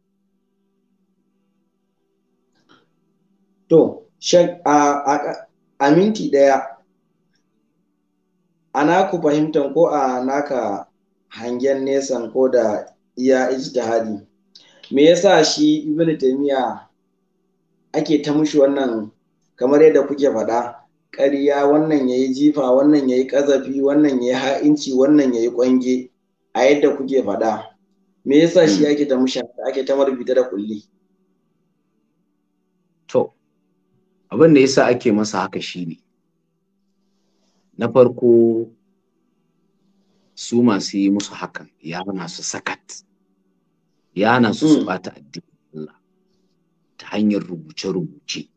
to a minti ɗaya a naku fahimtan ko a naka hangen nesan ko da iya ijtihadi me yasa shi ibnu taymiya ake ta mushi wannan kamar yadda kuke faɗa ƙarya wannan yayi jifa wannan yayi ƙazafi wannan yayi ha'inci wannan yayi ƙwange a yadda kuke faɗa me yasa shi ake ta mushi ake ta marubita da kulli to abin da yasa ake masa haka shine na farko su masu yi musu hakan ya na su sakat ya na su su hmm. bata addinin Allah ta hanyar rubuce-rubuce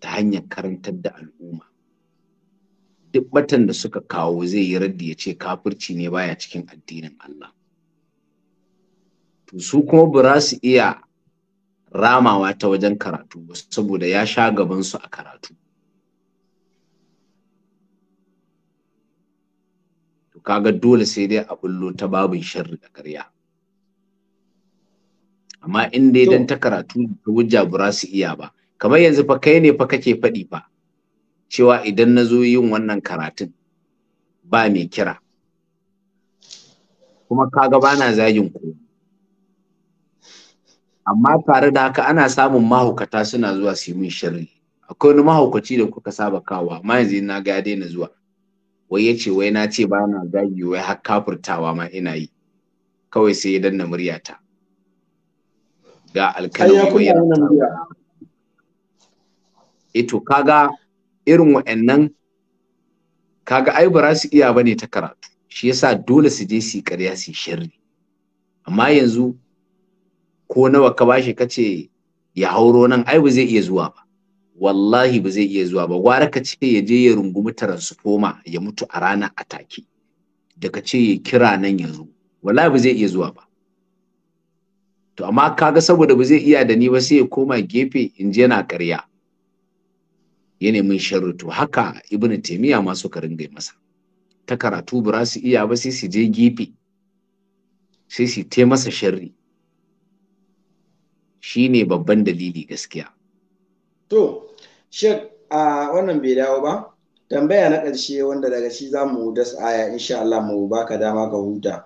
ta hanyar karantar da al'umma duk batan da suka kawo zai yi raddi ya ce kafirci ne baya cikin addinin Allah to su kuma ba su iya ramawa ta wajen karatu ba saboda ya sha gabansu a karatu kaga dole sai dai a bullo ta babin sharri a ƙarya amma in dai dan ta karatu da wujja ba su iya ba kamar yanzu fa kai ne fa kake faɗi fa cewa idan na zo yin wannan karatun ba mai kira kuma kaga bana zagin ku. amma tare da haka ana samun mahaukata suna zuwa su yi min sharri akwai wani mahaukaci da kuka saba kawa amma yanzu na ga ya daina zuwa wai ya ce wai na ce ba na zagi wai har kafurtawa ma ina yi kawai sai ya danna muryata ga alkalami ya ito eh kaga irin wa'annan kaga ai ba su iya bane ta karatu shi yasa dole su je su ƙarya su shirri amma yanzu ko nawa ka bashi kace ya hauro nan ai ba zai iya zuwa ba wallahi ba zai iya zuwa ba gwara ka ce ya je ya rungumi transformer ya mutu a rana a take daga ce ya kira nan yanzu wallahi ba zai iya zuwa ba to amma kaga saboda ba zai iya da ni ba sai ya koma gefe in je na ƙarya ya nemi sharutu haka ibnu taymiya ma suka ringa masa ta karatu ba su iya ba sai su je gefe sai su te masa sharri shine babban dalili gaskiya to Sheikh, a wannan bai dawo ba tambaya na ƙarshe wanda daga shi za mu dasa aya insha Allah mu baka dama ka huta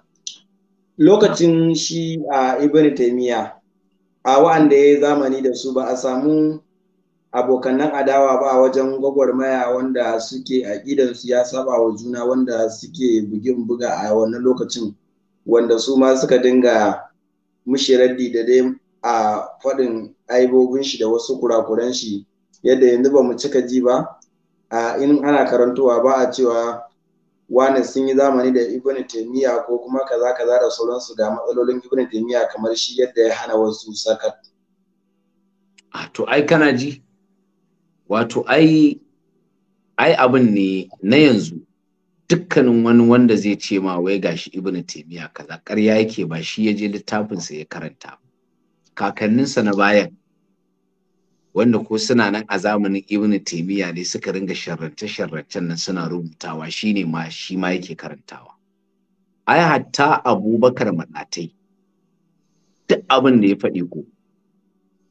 lokacin shi a ibn taimiya a wa'anda ya zamani da su ba a samu abokanan adawa ba a wajen gwagwarmaya wanda suke a aƙidansu ya saba wa juna wanda suke bugin buga a wannan lokacin wanda su ma suka dinga mushi raddi da dai a faɗin aibobin shi da wasu kurakuran shi yadda yanzu ba mu cika ji ba a in ana karantowa ba a cewa wane sun yi zamani da ibn taimiyya ko kuma kaza kaza da sauransu ga matsalolin ibn taimiyya kamar shi yadda ya hana wasu sakat to ai kana ji wato ai ai abin ne na yanzu dukkanin wani wanda zai ce ma wai gashi ibn taimiyya kaza ƙarya yake ba shi ya je littafinsa ya karanta kakanninsa na bayan wanda ko suna nan a zamanin ibnu taimiyya ne suka ringa sharrace-sharracen nan suna rubutawa shine ma shi ma yake karantawa ai hatta abubakar madatai duk abin da ya faɗi ko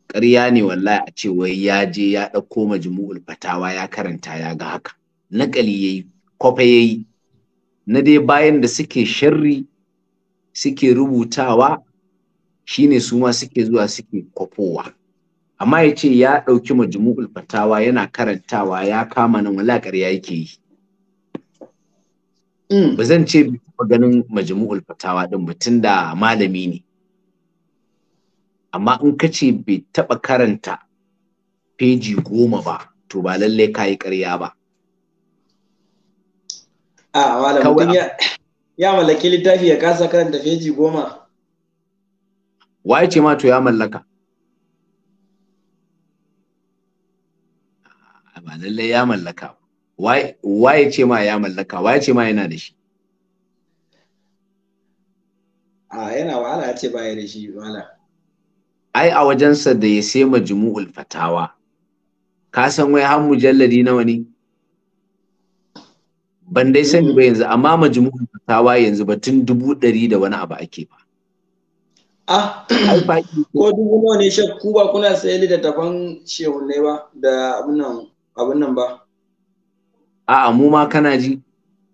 ƙarya ne wallahi a ce wai ya je ya ɗauko majmu'ul fatawa ya karanta ya ga haka naƙali yayi kwafa yayi na dai bayan da suke sharri suke rubutawa shine su ma suke zuwa suke kwafowa amma ya ce ya ɗauki majmu'ul fatawa yana karantawa ya kama nan wala ƙarya yake yi hmm. ba zan ce bai ganin majmu'ul fatawa ɗin ba da malami ne amma in ka ce bai taɓa karanta feji goma ba to ba lallai ka yi ƙarya ba a malam ya ya mallaki littafi ya kasa karanta feji goma Wa ya ce ma to ya mallaka ba lallai ya mallaka wa ya ce ma ya mallaka wa ya ce ma yana da shi a yana wahala ce ba ya da shi wahala ai a wajensa da ya sai majmu'ul fatawa ka san wai har mujalladi nawa ne ban dai sani ba yanzu amma majmu'ul fatawa yanzu batun dubu ɗari da wani abu ake ba Ah, ko dubu nawa ne shakku ba kuna sayar da tafan shehunai ba da abin nan abin nan ba a'a mu ma kana ji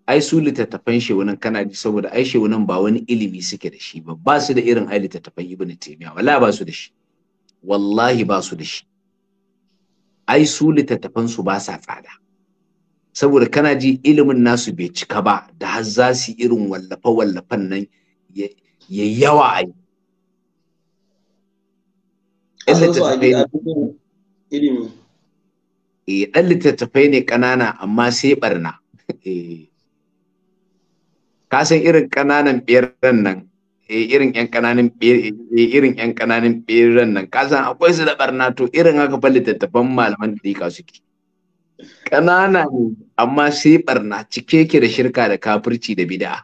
ai su littattafan shewunan kana ji saboda ai shewunan ba wani ilimi suke da shi ba ba su da irin ai littattafan ibnu taymiya wala ba su da shi wallahi ba su da shi ai su littattafan su ba sa tsada saboda kana ji ilimin nasu bai cika ba da har za su irin wallafa wallafan nan ya yawa yi. ilimi eh dan littattafai ne ƙanana amma sai barna eh ka san irin ƙananan ɓeran nan eh, irin ƴan ƙananan eh, irin ƴan ƙananan ɓeran nan ka san akwai su da ɓarna, to irin haka fa littattafan malaman da dika suke ƙanana ne amma sai ɓarna, cike ke da shirka da kafirci da bid'a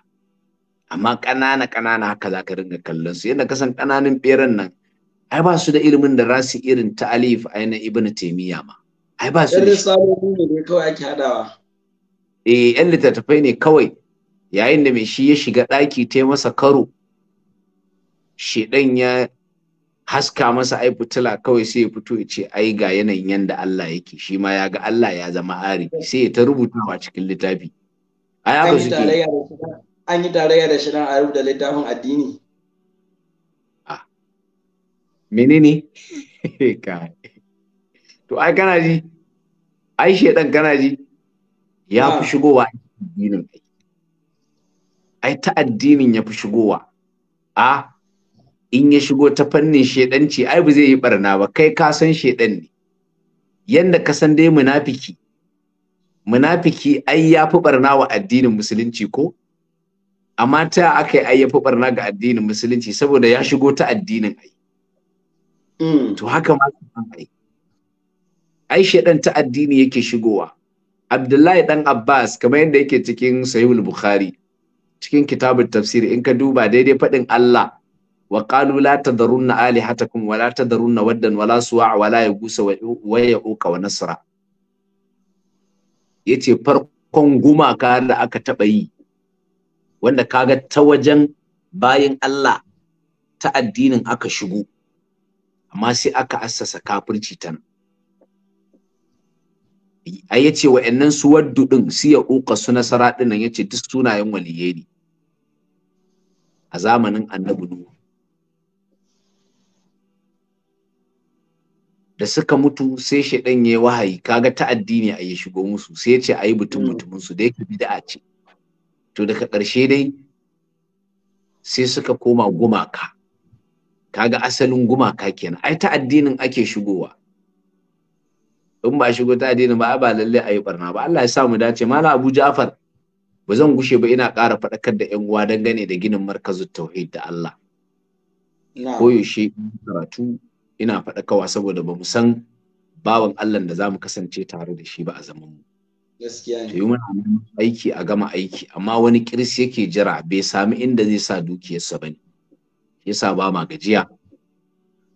amma ƙanana ƙanana haka za ka ringa kallon su yadda ka san ƙananan ɓeran nan ai ba su da ilimin da za su irin ta'alif ai na ibnu taymiya ma ai ba su da ne kawai ake hadawa eh yan littattafai ne kawai yayin da mai shi ya shiga ɗaki ta masa karo shedan ya haska masa ai fitila kawai sai ya fito ya ce ai ga yanayin yanda Allah yake shi ma ya ga Allah ya zama ari sai ya ta rubutawa cikin littafi ai haka ke. an yi tarayya da shirin a rubuta littafin addini ah. menene kai to ai kana ji ai shedan kana ji ya fi ah. shigowa addinin kai ai ta addinin ya fi shigowa a in ya shigo ta fannin shedanci ai ba zai yi barna ba kai ka san shedan ne yanda ka san dai munafiki munafiki ai ya fi barna wa addinin musulunci ko amma ta aka yi ai ya fi barna ga addinin musulunci saboda ya shigo ta addinin ai mm. to haka ma ai ai shedan ta addini yake shigowa Abdullahi dan Abbas kamar yadda yake cikin Sahihul Bukhari cikin kitabun tafsir in ka duba daidai faɗin Allah wa qalu la tadarunna alihatakum wa la tadarunna waddan wa la suwa wa la yagusa wa ya'uka wa nasra yace farkon gumaka da aka taɓa yi wanda kaga ta wajen bayan Allah ta addinin aka shigo amma sai aka assasa kafirci tana a yace ce wa'annan su waddu ɗin su ya uka su nasara din nan ya duk sunayen waliyai ne a zamanin annabi Nuhu. Da suka mutu sai shaidan yayi wahayi kaga ta'addi ne a ya shigo musu sai ya ce a yi mm. mutumin su da yake bid'a ce. To daga ƙarshe dai sai suka koma gumaka. Kaga asalin gumaka kenan ai ta addinin ake shigowa. in ba shigo ta addini ba ba lalle a yi barna ba Allah ya sa mu dace mala Abu Ja'far ba zan gushe ba ina ƙara faɗakar da 'yan uwa dangane da ginin markazin tauhid da Allah koyaushe karatu ina faɗakawa saboda ba mu san bawan Allah da za mu kasance tare da shi ba a zaman mu gaskiya yi muna aiki a gama aiki amma wani kirsi yake jira bai sami inda zai sa dukiyarsa bane yasa ba ma gajiya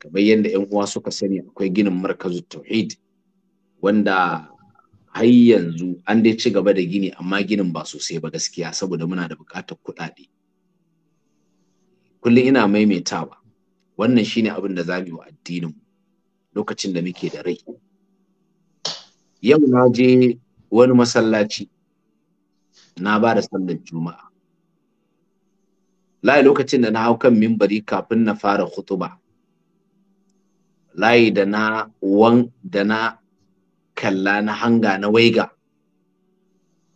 kamar yadda 'yan uwa suka sani akwai ginin markazin tauhid wanda har yanzu an dai ci gaba da gini amma ginin ba sosai ba gaskiya saboda muna da buƙatar kuɗaɗe kullum ina maimaitawa wannan shine abin da zamu wa addinin lokacin da muke da rai yau na je wani masallaci na ba da sallar juma'a layi lokacin da na hau kan mimbari kafin na fara khutuba layi da na wan da na kalla na hanga na waiga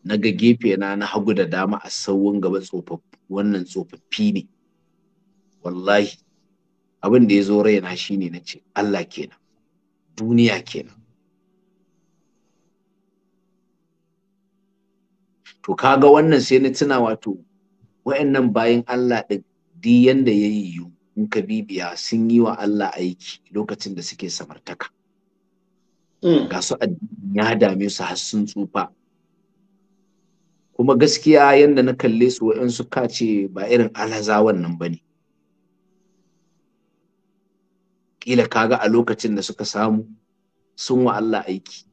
na ga gefe na na hagu da dama a sauwan gaba tsofaffi wannan tsofaffi ne wallahi abin da ya zo raina shine na ce Allah kenan duniya kenan to kaga wannan sai na tuna wato wa'annan bayan Allah ɗin di yanda ya yiwu in ka bibiya sun yi wa Allah aiki lokacin da suke samartaka ga mm. su addini ya dame su har sun tsufa kuma gaskiya yadda na kalle su waɗansu ka ce ba irin alhaza wannan ba ne ƙila kaga a lokacin da suka samu sun wa Allah aiki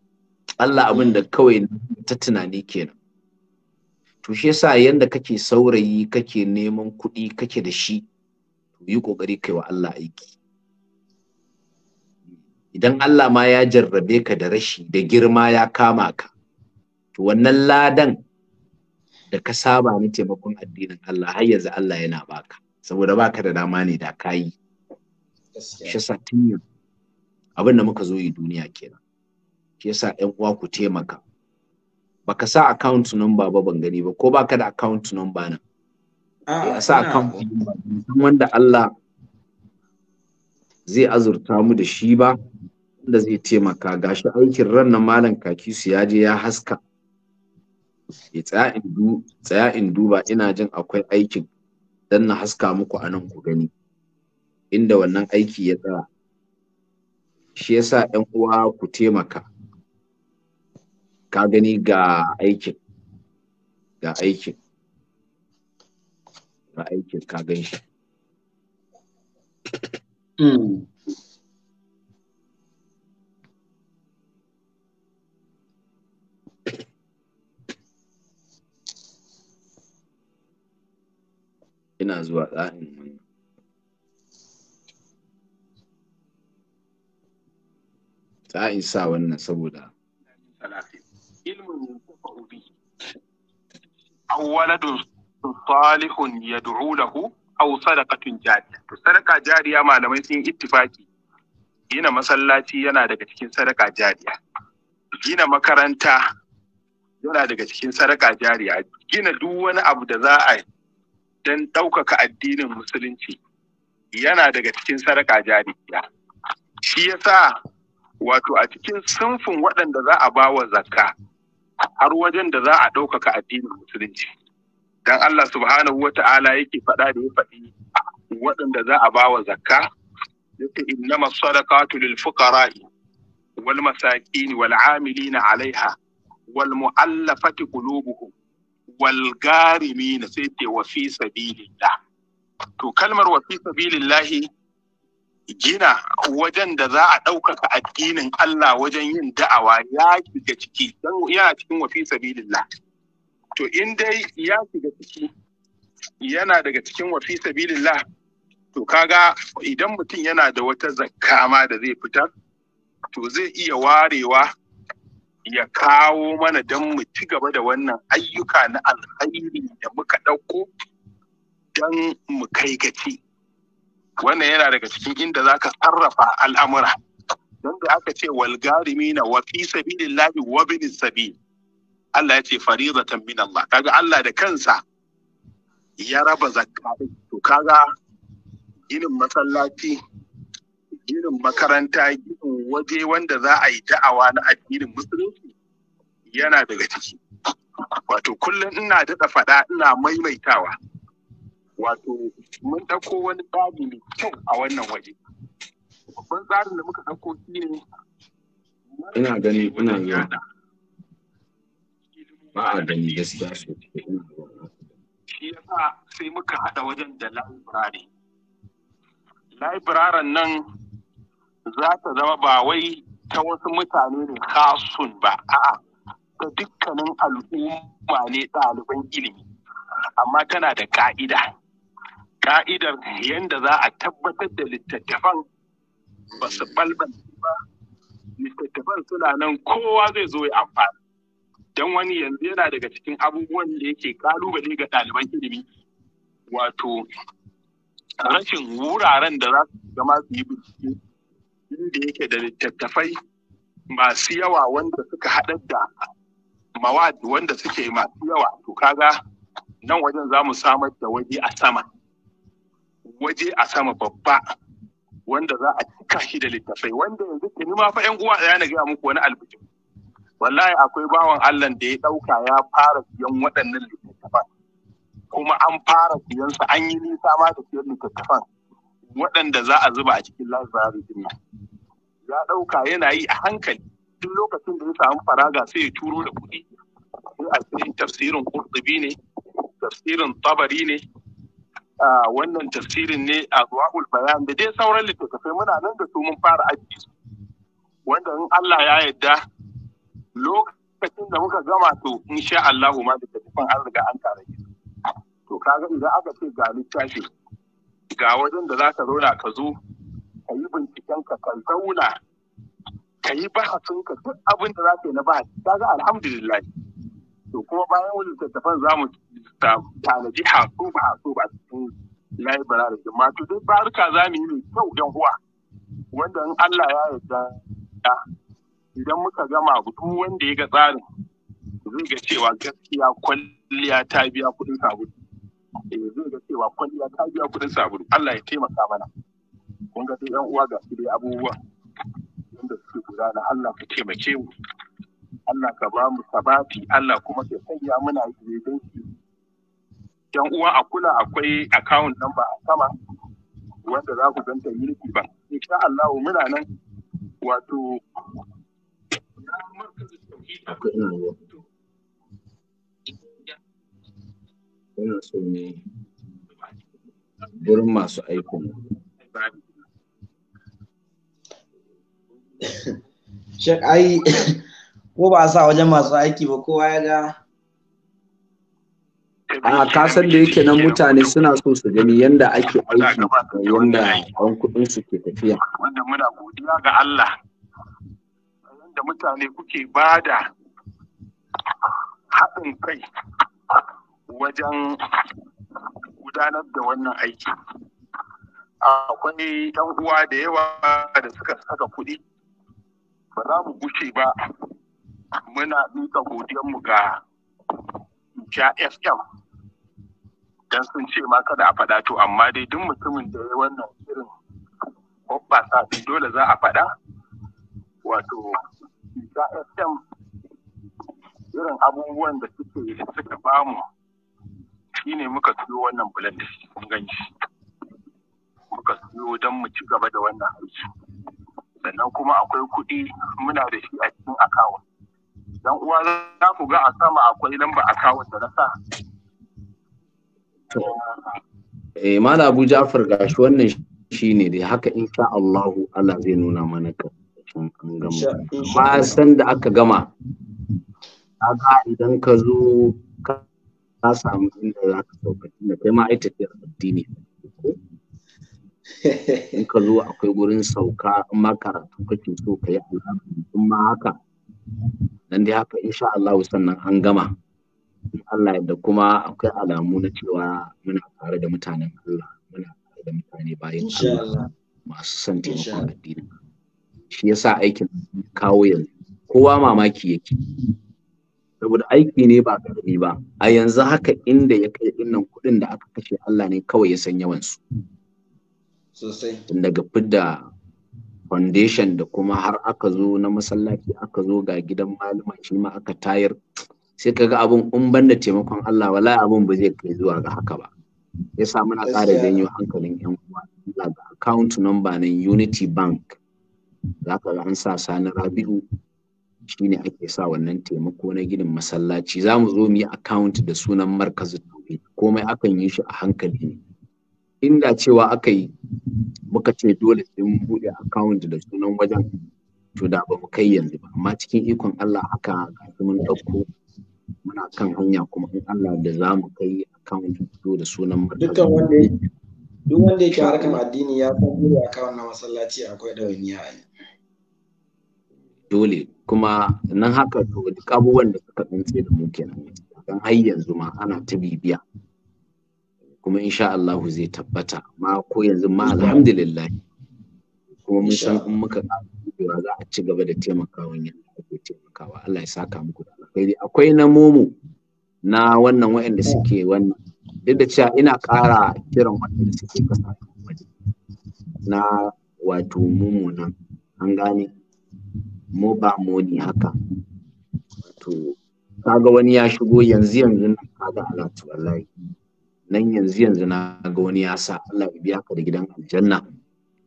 Allah abin da kawai ta tunani kenan to shi yasa yanda kake saurayi kake neman kuɗi kake da shi to yi ƙoƙari kai wa Allah aiki idan Allah ma ya jarrabe ka da rashi da girma ya kama ka to wannan ladan da ka saba ni taimakon addinin Allah har yanzu Allah yana baka saboda baka da dama ne da kayi shi abin da muka zo yi duniya kenan shi yasa ɗan uwa ku taimaka baka sa account number ba ban gani ba ko baka da account number nan a sa account number wanda Allah zai azurta mu da shi ba da zai taimaka gashi aikin ran na malam kakisu ya je ya haska ya tsaya in duba ina jin akwai aikin dan na haska muku a nan ku gani inda wannan aiki ya tsaya shi yasa yan uwa ku taimaka ka gani ga aikin ga aikin ga aikin ka gan shi hmm. ina zuwa tsarin wannan a isa wannan saboda ilmin aw waladun salihun yad'u lahu aw sadaqatun jariya to sadaqa jariya malamai sun ittifaki gina masallaci yana daga cikin sadaqa jariya gina makaranta yana daga cikin sadaqa jariya gina duk wani abu da za a yi. don ɗaukaka addinin musulunci yana daga cikin sadaka jariya shi yasa wato a cikin sunfin waɗanda za a ba wa zakka har wajen da za a ɗaukaka addinin musulunci dan Allah subhanahu wa ta'ala yake faɗa da ya faɗi waɗanda za a ba wa zakka yake innama sadaqatu lil fuqara'i wal masakin wal amilina alaiha wal mu'allafati qulubuhum wal na sai ce wa fi sabilillah to kalmar wa fi sabilillahi gina wajen da za a ɗaukaka addinin Allah wajen yin da'awa ya shiga ciki don yana cikin wa fi sabilillah to in dai ya shiga ciki yana daga cikin wa fi sabilillah to kaga idan mutum yana da wata zakka da zai fitar to zai iya warewa ya kawo mana don mu ci gaba da wannan ayyuka na alhairi da muka ɗauko don mu kai gaci wannan yana daga cikin inda za ka sarrafa al'amura don da aka ce walgarimi na wafi sabilin lahi wa binin sabi Allah ya ce farizatan min Allah kaga Allah da kansa ya raba zakka to kaga ginin masallaci ginin makaranta irin waje wanda za a yi da'awa na addinin musulunci yana daga ciki wato kullum ina daɗa faɗa ina maimaitawa wato mun ɗauko wani tsari mai kyau a wannan waje babban tsarin da muka ɗauko shi ne ina gani ina gani ba a gani gaskiya shi yasa sai muka haɗa wajen da library libraren nan za ta zama ba wai ta wasu mutane ne kasun ba a'a ta dukkanin al'umma ne ɗaliban ilimi amma tana da ka'ida ka'idar yadda za a tabbatar da littattafan ba su balban ba littattafan suna nan kowa zai zo ya amfani don wani yanzu yana daga cikin abubuwan da yake kalubale ga ɗaliban ilimi wato rashin wuraren da za su zama su yi bincike da yake da littattafai masu yawa wanda suka haɗar da mawad wanda suke masu yawa to kaga nan wajen za mu samar da waje a sama waje a sama babba wanda za a cika shi da littattafai. wanda yanzu ke nima fa 'yan uwa ya na gaya muku wani albijin wallahi akwai bawan Allah da ya ɗauka ya fara siyan waɗannan littattafan kuma an fara siyan su an yi nisa ma da siyan littattafan waɗanda za a zuba a cikin lazarin nan ya ɗauka yana yi a hankali duk lokacin da ya samu faraga sai ya turo da kuɗi a cikin tafsirin kurtubi ne tafsirin tabari ne wannan tafsirin ne a zuwa bayan da dai sauran littattafai muna nan da su mun fara aji wanda in Allah ya yarda lokacin da muka gama to sha Allah ma littattafan an riga an tare to kaga idan aka ce ga littafi ga wajen da za ka zauna ka zo ka yi binciken ka ka zauna ka yi bahasin ka duk abin da za ka yi na bahasi ta ga alhamdulillah to kuma bayan wani littattafan za mu tanadi hasu ba hasu ba cikin layi da jima to dai baruka za mu yi mai kyau dan uwa wanda in Allah ya yarda idan muka gama duk wanda ya ga tsarin zai ga cewa gaskiya kwalliya ta biya kuɗin sabulu eh, zai ga cewa kwalliya ta biya kuɗin sabulu Allah ya taimaka mana kun ga yan uwa ga su dai abubuwa wanda suke da Allah ka taimake mu Allah ka ba mu sabati Allah kuma ka sanya muna yi don yan uwa a kula akwai account number a sama wanda za ku ganta yiki ba insha Allah muna nan wato Ina so ne gurin masu aikon shek ai ko ba sa wajen masu aiki ba kowa ya ga a kasan da yake nan mutane suna so su gani yanda ake aiki da yanda an kudin su ke tafiya wanda muna godiya ga Allah yanda mutane kuke bada haɗin kai wajen gudanar da wannan aiki akwai 'yan uwa da yawa da suka saka kuɗi ba za mu gushe ba muna duka godiyanmu ga ja fm dan sun ce ma kada a faɗa to amma dai duk mutumin da ya wannan irin hoɓɓasa din dole za a faɗa wato ja fm irin abubuwan da suke suka bamu shine muka tuyo wannan bulan da shi ganci muka tuyo don mu ci gaba da wannan aiki sannan kuma akwai kuɗi muna da shi a cikin akawun don uwa za ku ga a sama akwai lamba akawun da na sa to eh mala Abu Ja'far gashi wannan ne dai haka insha Allahu! Allah zai nuna mana ka ba san da aka gama aga idan ka zo ka samu inda za ka sauka tunda kai ma ai tafiyar addini ko in ka zo akwai gurin sauka in ma karatu kake so ka yi alhamdu in ma haka nan dai haka insha Allah sannan an gama Allah yadda kuma akwai alamu na cewa muna tare da mutanen Allah muna tare da mutane bayan Allah masu son taimakon addini shi yasa aikin kawo yanzu kowa mamaki yake saboda aiki ne ba karami ba a yanzu haka inda ya kai dinnan kuɗin da aka kashe Allah ne kawai ya san yawan su daga fidda foundation da kuma har aka zo na masallaci aka zo ga gidan malama shi ma aka tayar sai kaga abun in banda taimakon Allah wala abun ba zai kai zuwa ga haka ba Ya sa muna ƙara janyo hankalin yan uwa ga account number na Unity Bank za ka ga an sa sani Rabi'u Shi shine ake sa wannan taimako na ginin masallaci za mu zo mu yi account da sunan markazin komai akan yi shi a hankali ne inda cewa aka yi muka ce dole sai mun buɗe account da sunan wajen to da ba mu kai yanzu ba amma cikin ikon Allah haka gashi mun dauko muna kan hanya kuma in Allah da za mu kai account to da sunan markazi dukkan wanda duk wanda yake harkar addini ya san buɗe account na masallaci akwai ɗawainiya ya yi dole kuma nan haka to duk abubuwan da suka tsince da mu kenan don har yanzu ma ana ta bibiya kuma insha Allah zai tabbata ma ko yanzu ma alhamdulillah kuma mun san in muka cewa za a ci gaba da taimakawa yadda ake taimakawa Allah ya saka muku da alkhairi akwai na momo na wannan waɗanda suke wannan duk da cewa ina ƙara kiran waɗanda suke kasa waje na wato momo nan an gane mo ba ni haka wato kaga wani ya shigo yanzu yanzu nan kaga alatu wallahi nan yanzu yanzu na ga wani ya sa Allah ya biya ka da gidan aljanna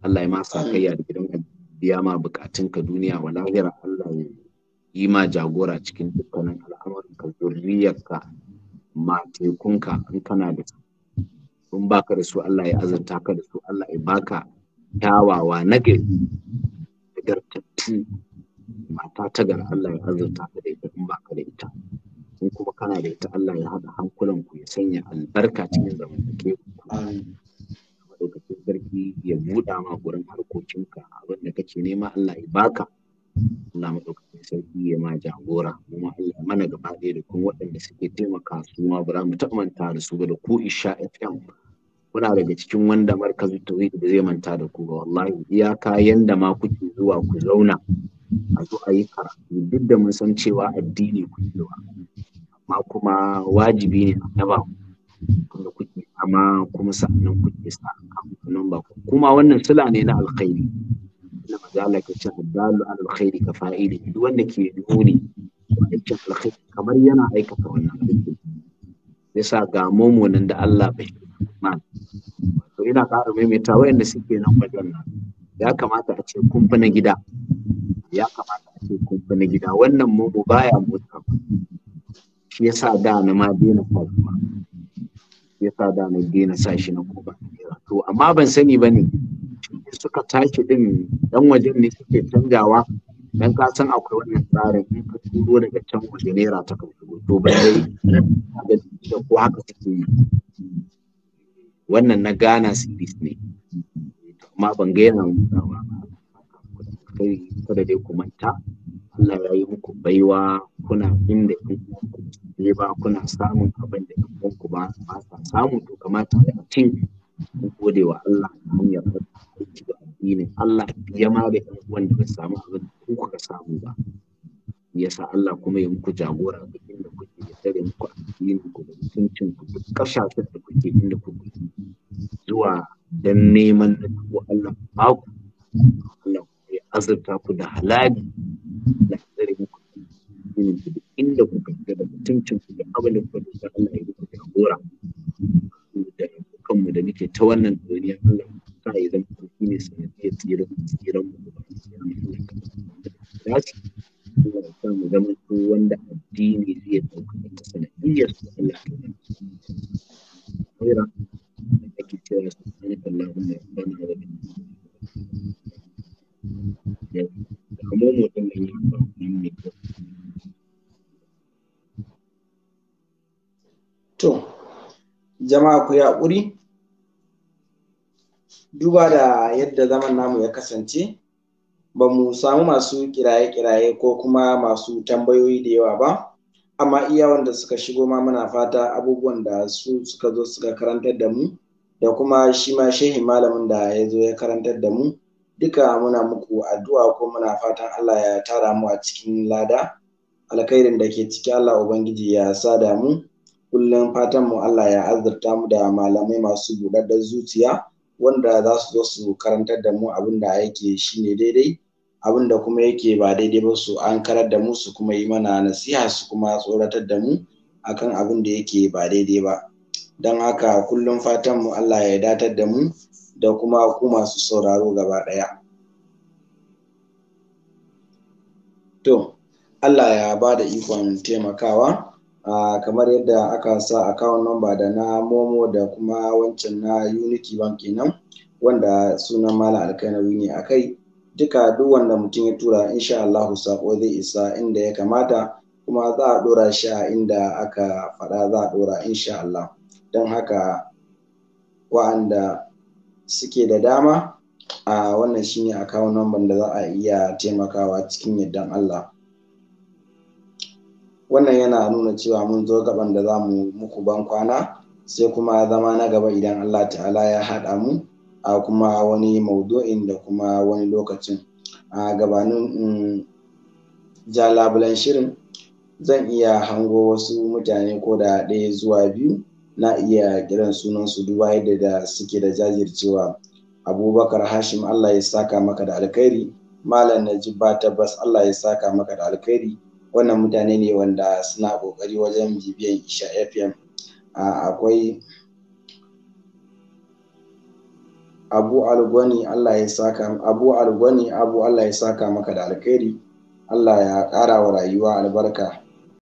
Allah ya ma sa kai da gidan biya ma bukatun ka duniya wa lahira Allah ya yi ma jagora cikin dukkanin al'amarin ka ka ma in kana da su baka da su Allah ya azanta ka da su Allah ya baka kyawawa na gari gartattu mata ta Allah ya azanta ka da ita in baka da ita in kuma kana da ita Allah ya haɗa hankulan ku ya sanya albarka cikin zamantakewa lokacin sarki ya buɗa ma gurin harkokinka abin da kake nema Allah ya baka Allah maɗaukakin sarki ya ma jagora kuma Allah ya mana gaba ɗaya da kuma waɗanda suke taimaka su ma ba mu taɓa manta da su ba da ku isha FM kuna daga cikin wanda markazu tauhid da zai manta da ku ba wallahi iyaka yanda ma kuke zuwa ku zauna a zo a yi karatu duk da mun san cewa addini kuke zuwa. amma kuma wajibi ne na ba kuma kuke amma kuma sa'annan kuke sa nan ba kuma wannan sila ne na alkhairi na mazala ka ce addalu alkhairi ka fa'ili duk wanda ke nuni aikin alkhairi kamar yana aikata wannan Ya yasa ga mummunan da Allah bai ma to ina ƙara maimaita wayanda suke nan wajen nan ya kamata a ce kumfa na gida ya kamata a ce kumfa na gida wannan mugu baya motsa shi yasa da na ma daina faɗuwa shi yasa da na daina sa shi na koba to amma ban sani ba ne suka tashi din dan wajen ne suke canjawa dan ka san akwai wannan tsarin in ka turo daga can waje naira ta kan shigo to ban dai da ko haka suke yi wannan na Ghana series ne amma ban ga yana mutawa kai kada dai ku manta Allah ya yi muku baiwa kuna inda kuke ne ba kuna samun abin da ɗan ku ba sa samu to kamata a ce ku gode wa Allah ta hanyar aiki da addinin Allah ya ma da ɗan uwan da ba samu abin da ku kuka samu ba yasa Allah kuma ya muku jagora cikin inda kuke ya tare muku addinin ku da mutuncin ku duk kasashen da kuke inda kuke zuwa dan neman da ku Allah ba ku Allah ya azurta ku da halali da tare muku addinin ku duk inda ku fita da mutuncin ku da abin da ku da Allah ya ku jagora da kanmu da muke ta wannan duniya Allah ka yi zan ku shine sanadiyar tsiran tsiran mu da su Allah ya samu zaman ku wanda addini zai dauka da sanadiyar su Allah ya kaira da kake cewa subhanaka allahumma rabbana wa bihamdika da mu mutum ne ba mun ne To, jama'a ku ya kuri? duba da yadda zaman namu ya kasance, ba mu samu masu kiraye-kiraye ko kuma masu tambayoyi da yawa ba, amma iya wanda suka shigo ma muna fata abubuwan da su suka zo suka karantar da mu, da kuma shi ma shehin malamin da ya zo ya karantar da mu, duka muna muku addu'a ko muna fatan Allah ya tara mu a cikin lada, alkhairin da ke ciki Allah Ubangiji ya sada mu. kullum fatan mu Allah ya azurta mu da malamai masu buɗaɗɗen zuciya wanda za su zo su karantar da mu abin da yake ne daidai abin da kuma yake ba daidai ba su an karar da mu su kuma yi mana nasiha su kuma tsoratar da mu akan abin da yake ba daidai ba don haka kullum fatan mu Allah ya datar da mu da kuma ku masu sauraro gaba ɗaya. To, Allah ya ba da ikon taimakawa. uh, kamar yadda aka sa account number da na momo da kuma wancan na unity bank kenan wanda sunan mala alkainawi ne a kai duka duk wanda mutum ya tura insha Allah sako zai isa inda ya kamata kuma za a dora shi a inda aka faɗa za a dora insha Allah don haka wa'anda suke da dama a wannan shine account number da za a iya taimakawa cikin yardan Allah wannan yana nuna cewa mun zo gaban da za mu muku ban kwana sai kuma zama na gaba idan Allah ta'ala ya haɗa mu a kuma wani maudu'in da kuma wani lokacin a gabanin mm, ja labulen shirin zan iya hango wasu mutane ko da ɗaya zuwa biyu na iya kiran sunansu duba yadda da suke da jajircewa abubakar hashim allah ya saka maka da alkhairi malam najib ba tabbas allah ya saka maka da alkhairi wannan mutane ne wanda suna ƙoƙari wajen bibiyan isha fm akwai abu algoni allah ya saka abu algoni abu allah ya saka maka da alkhairi allah ya ƙara wa rayuwa albarka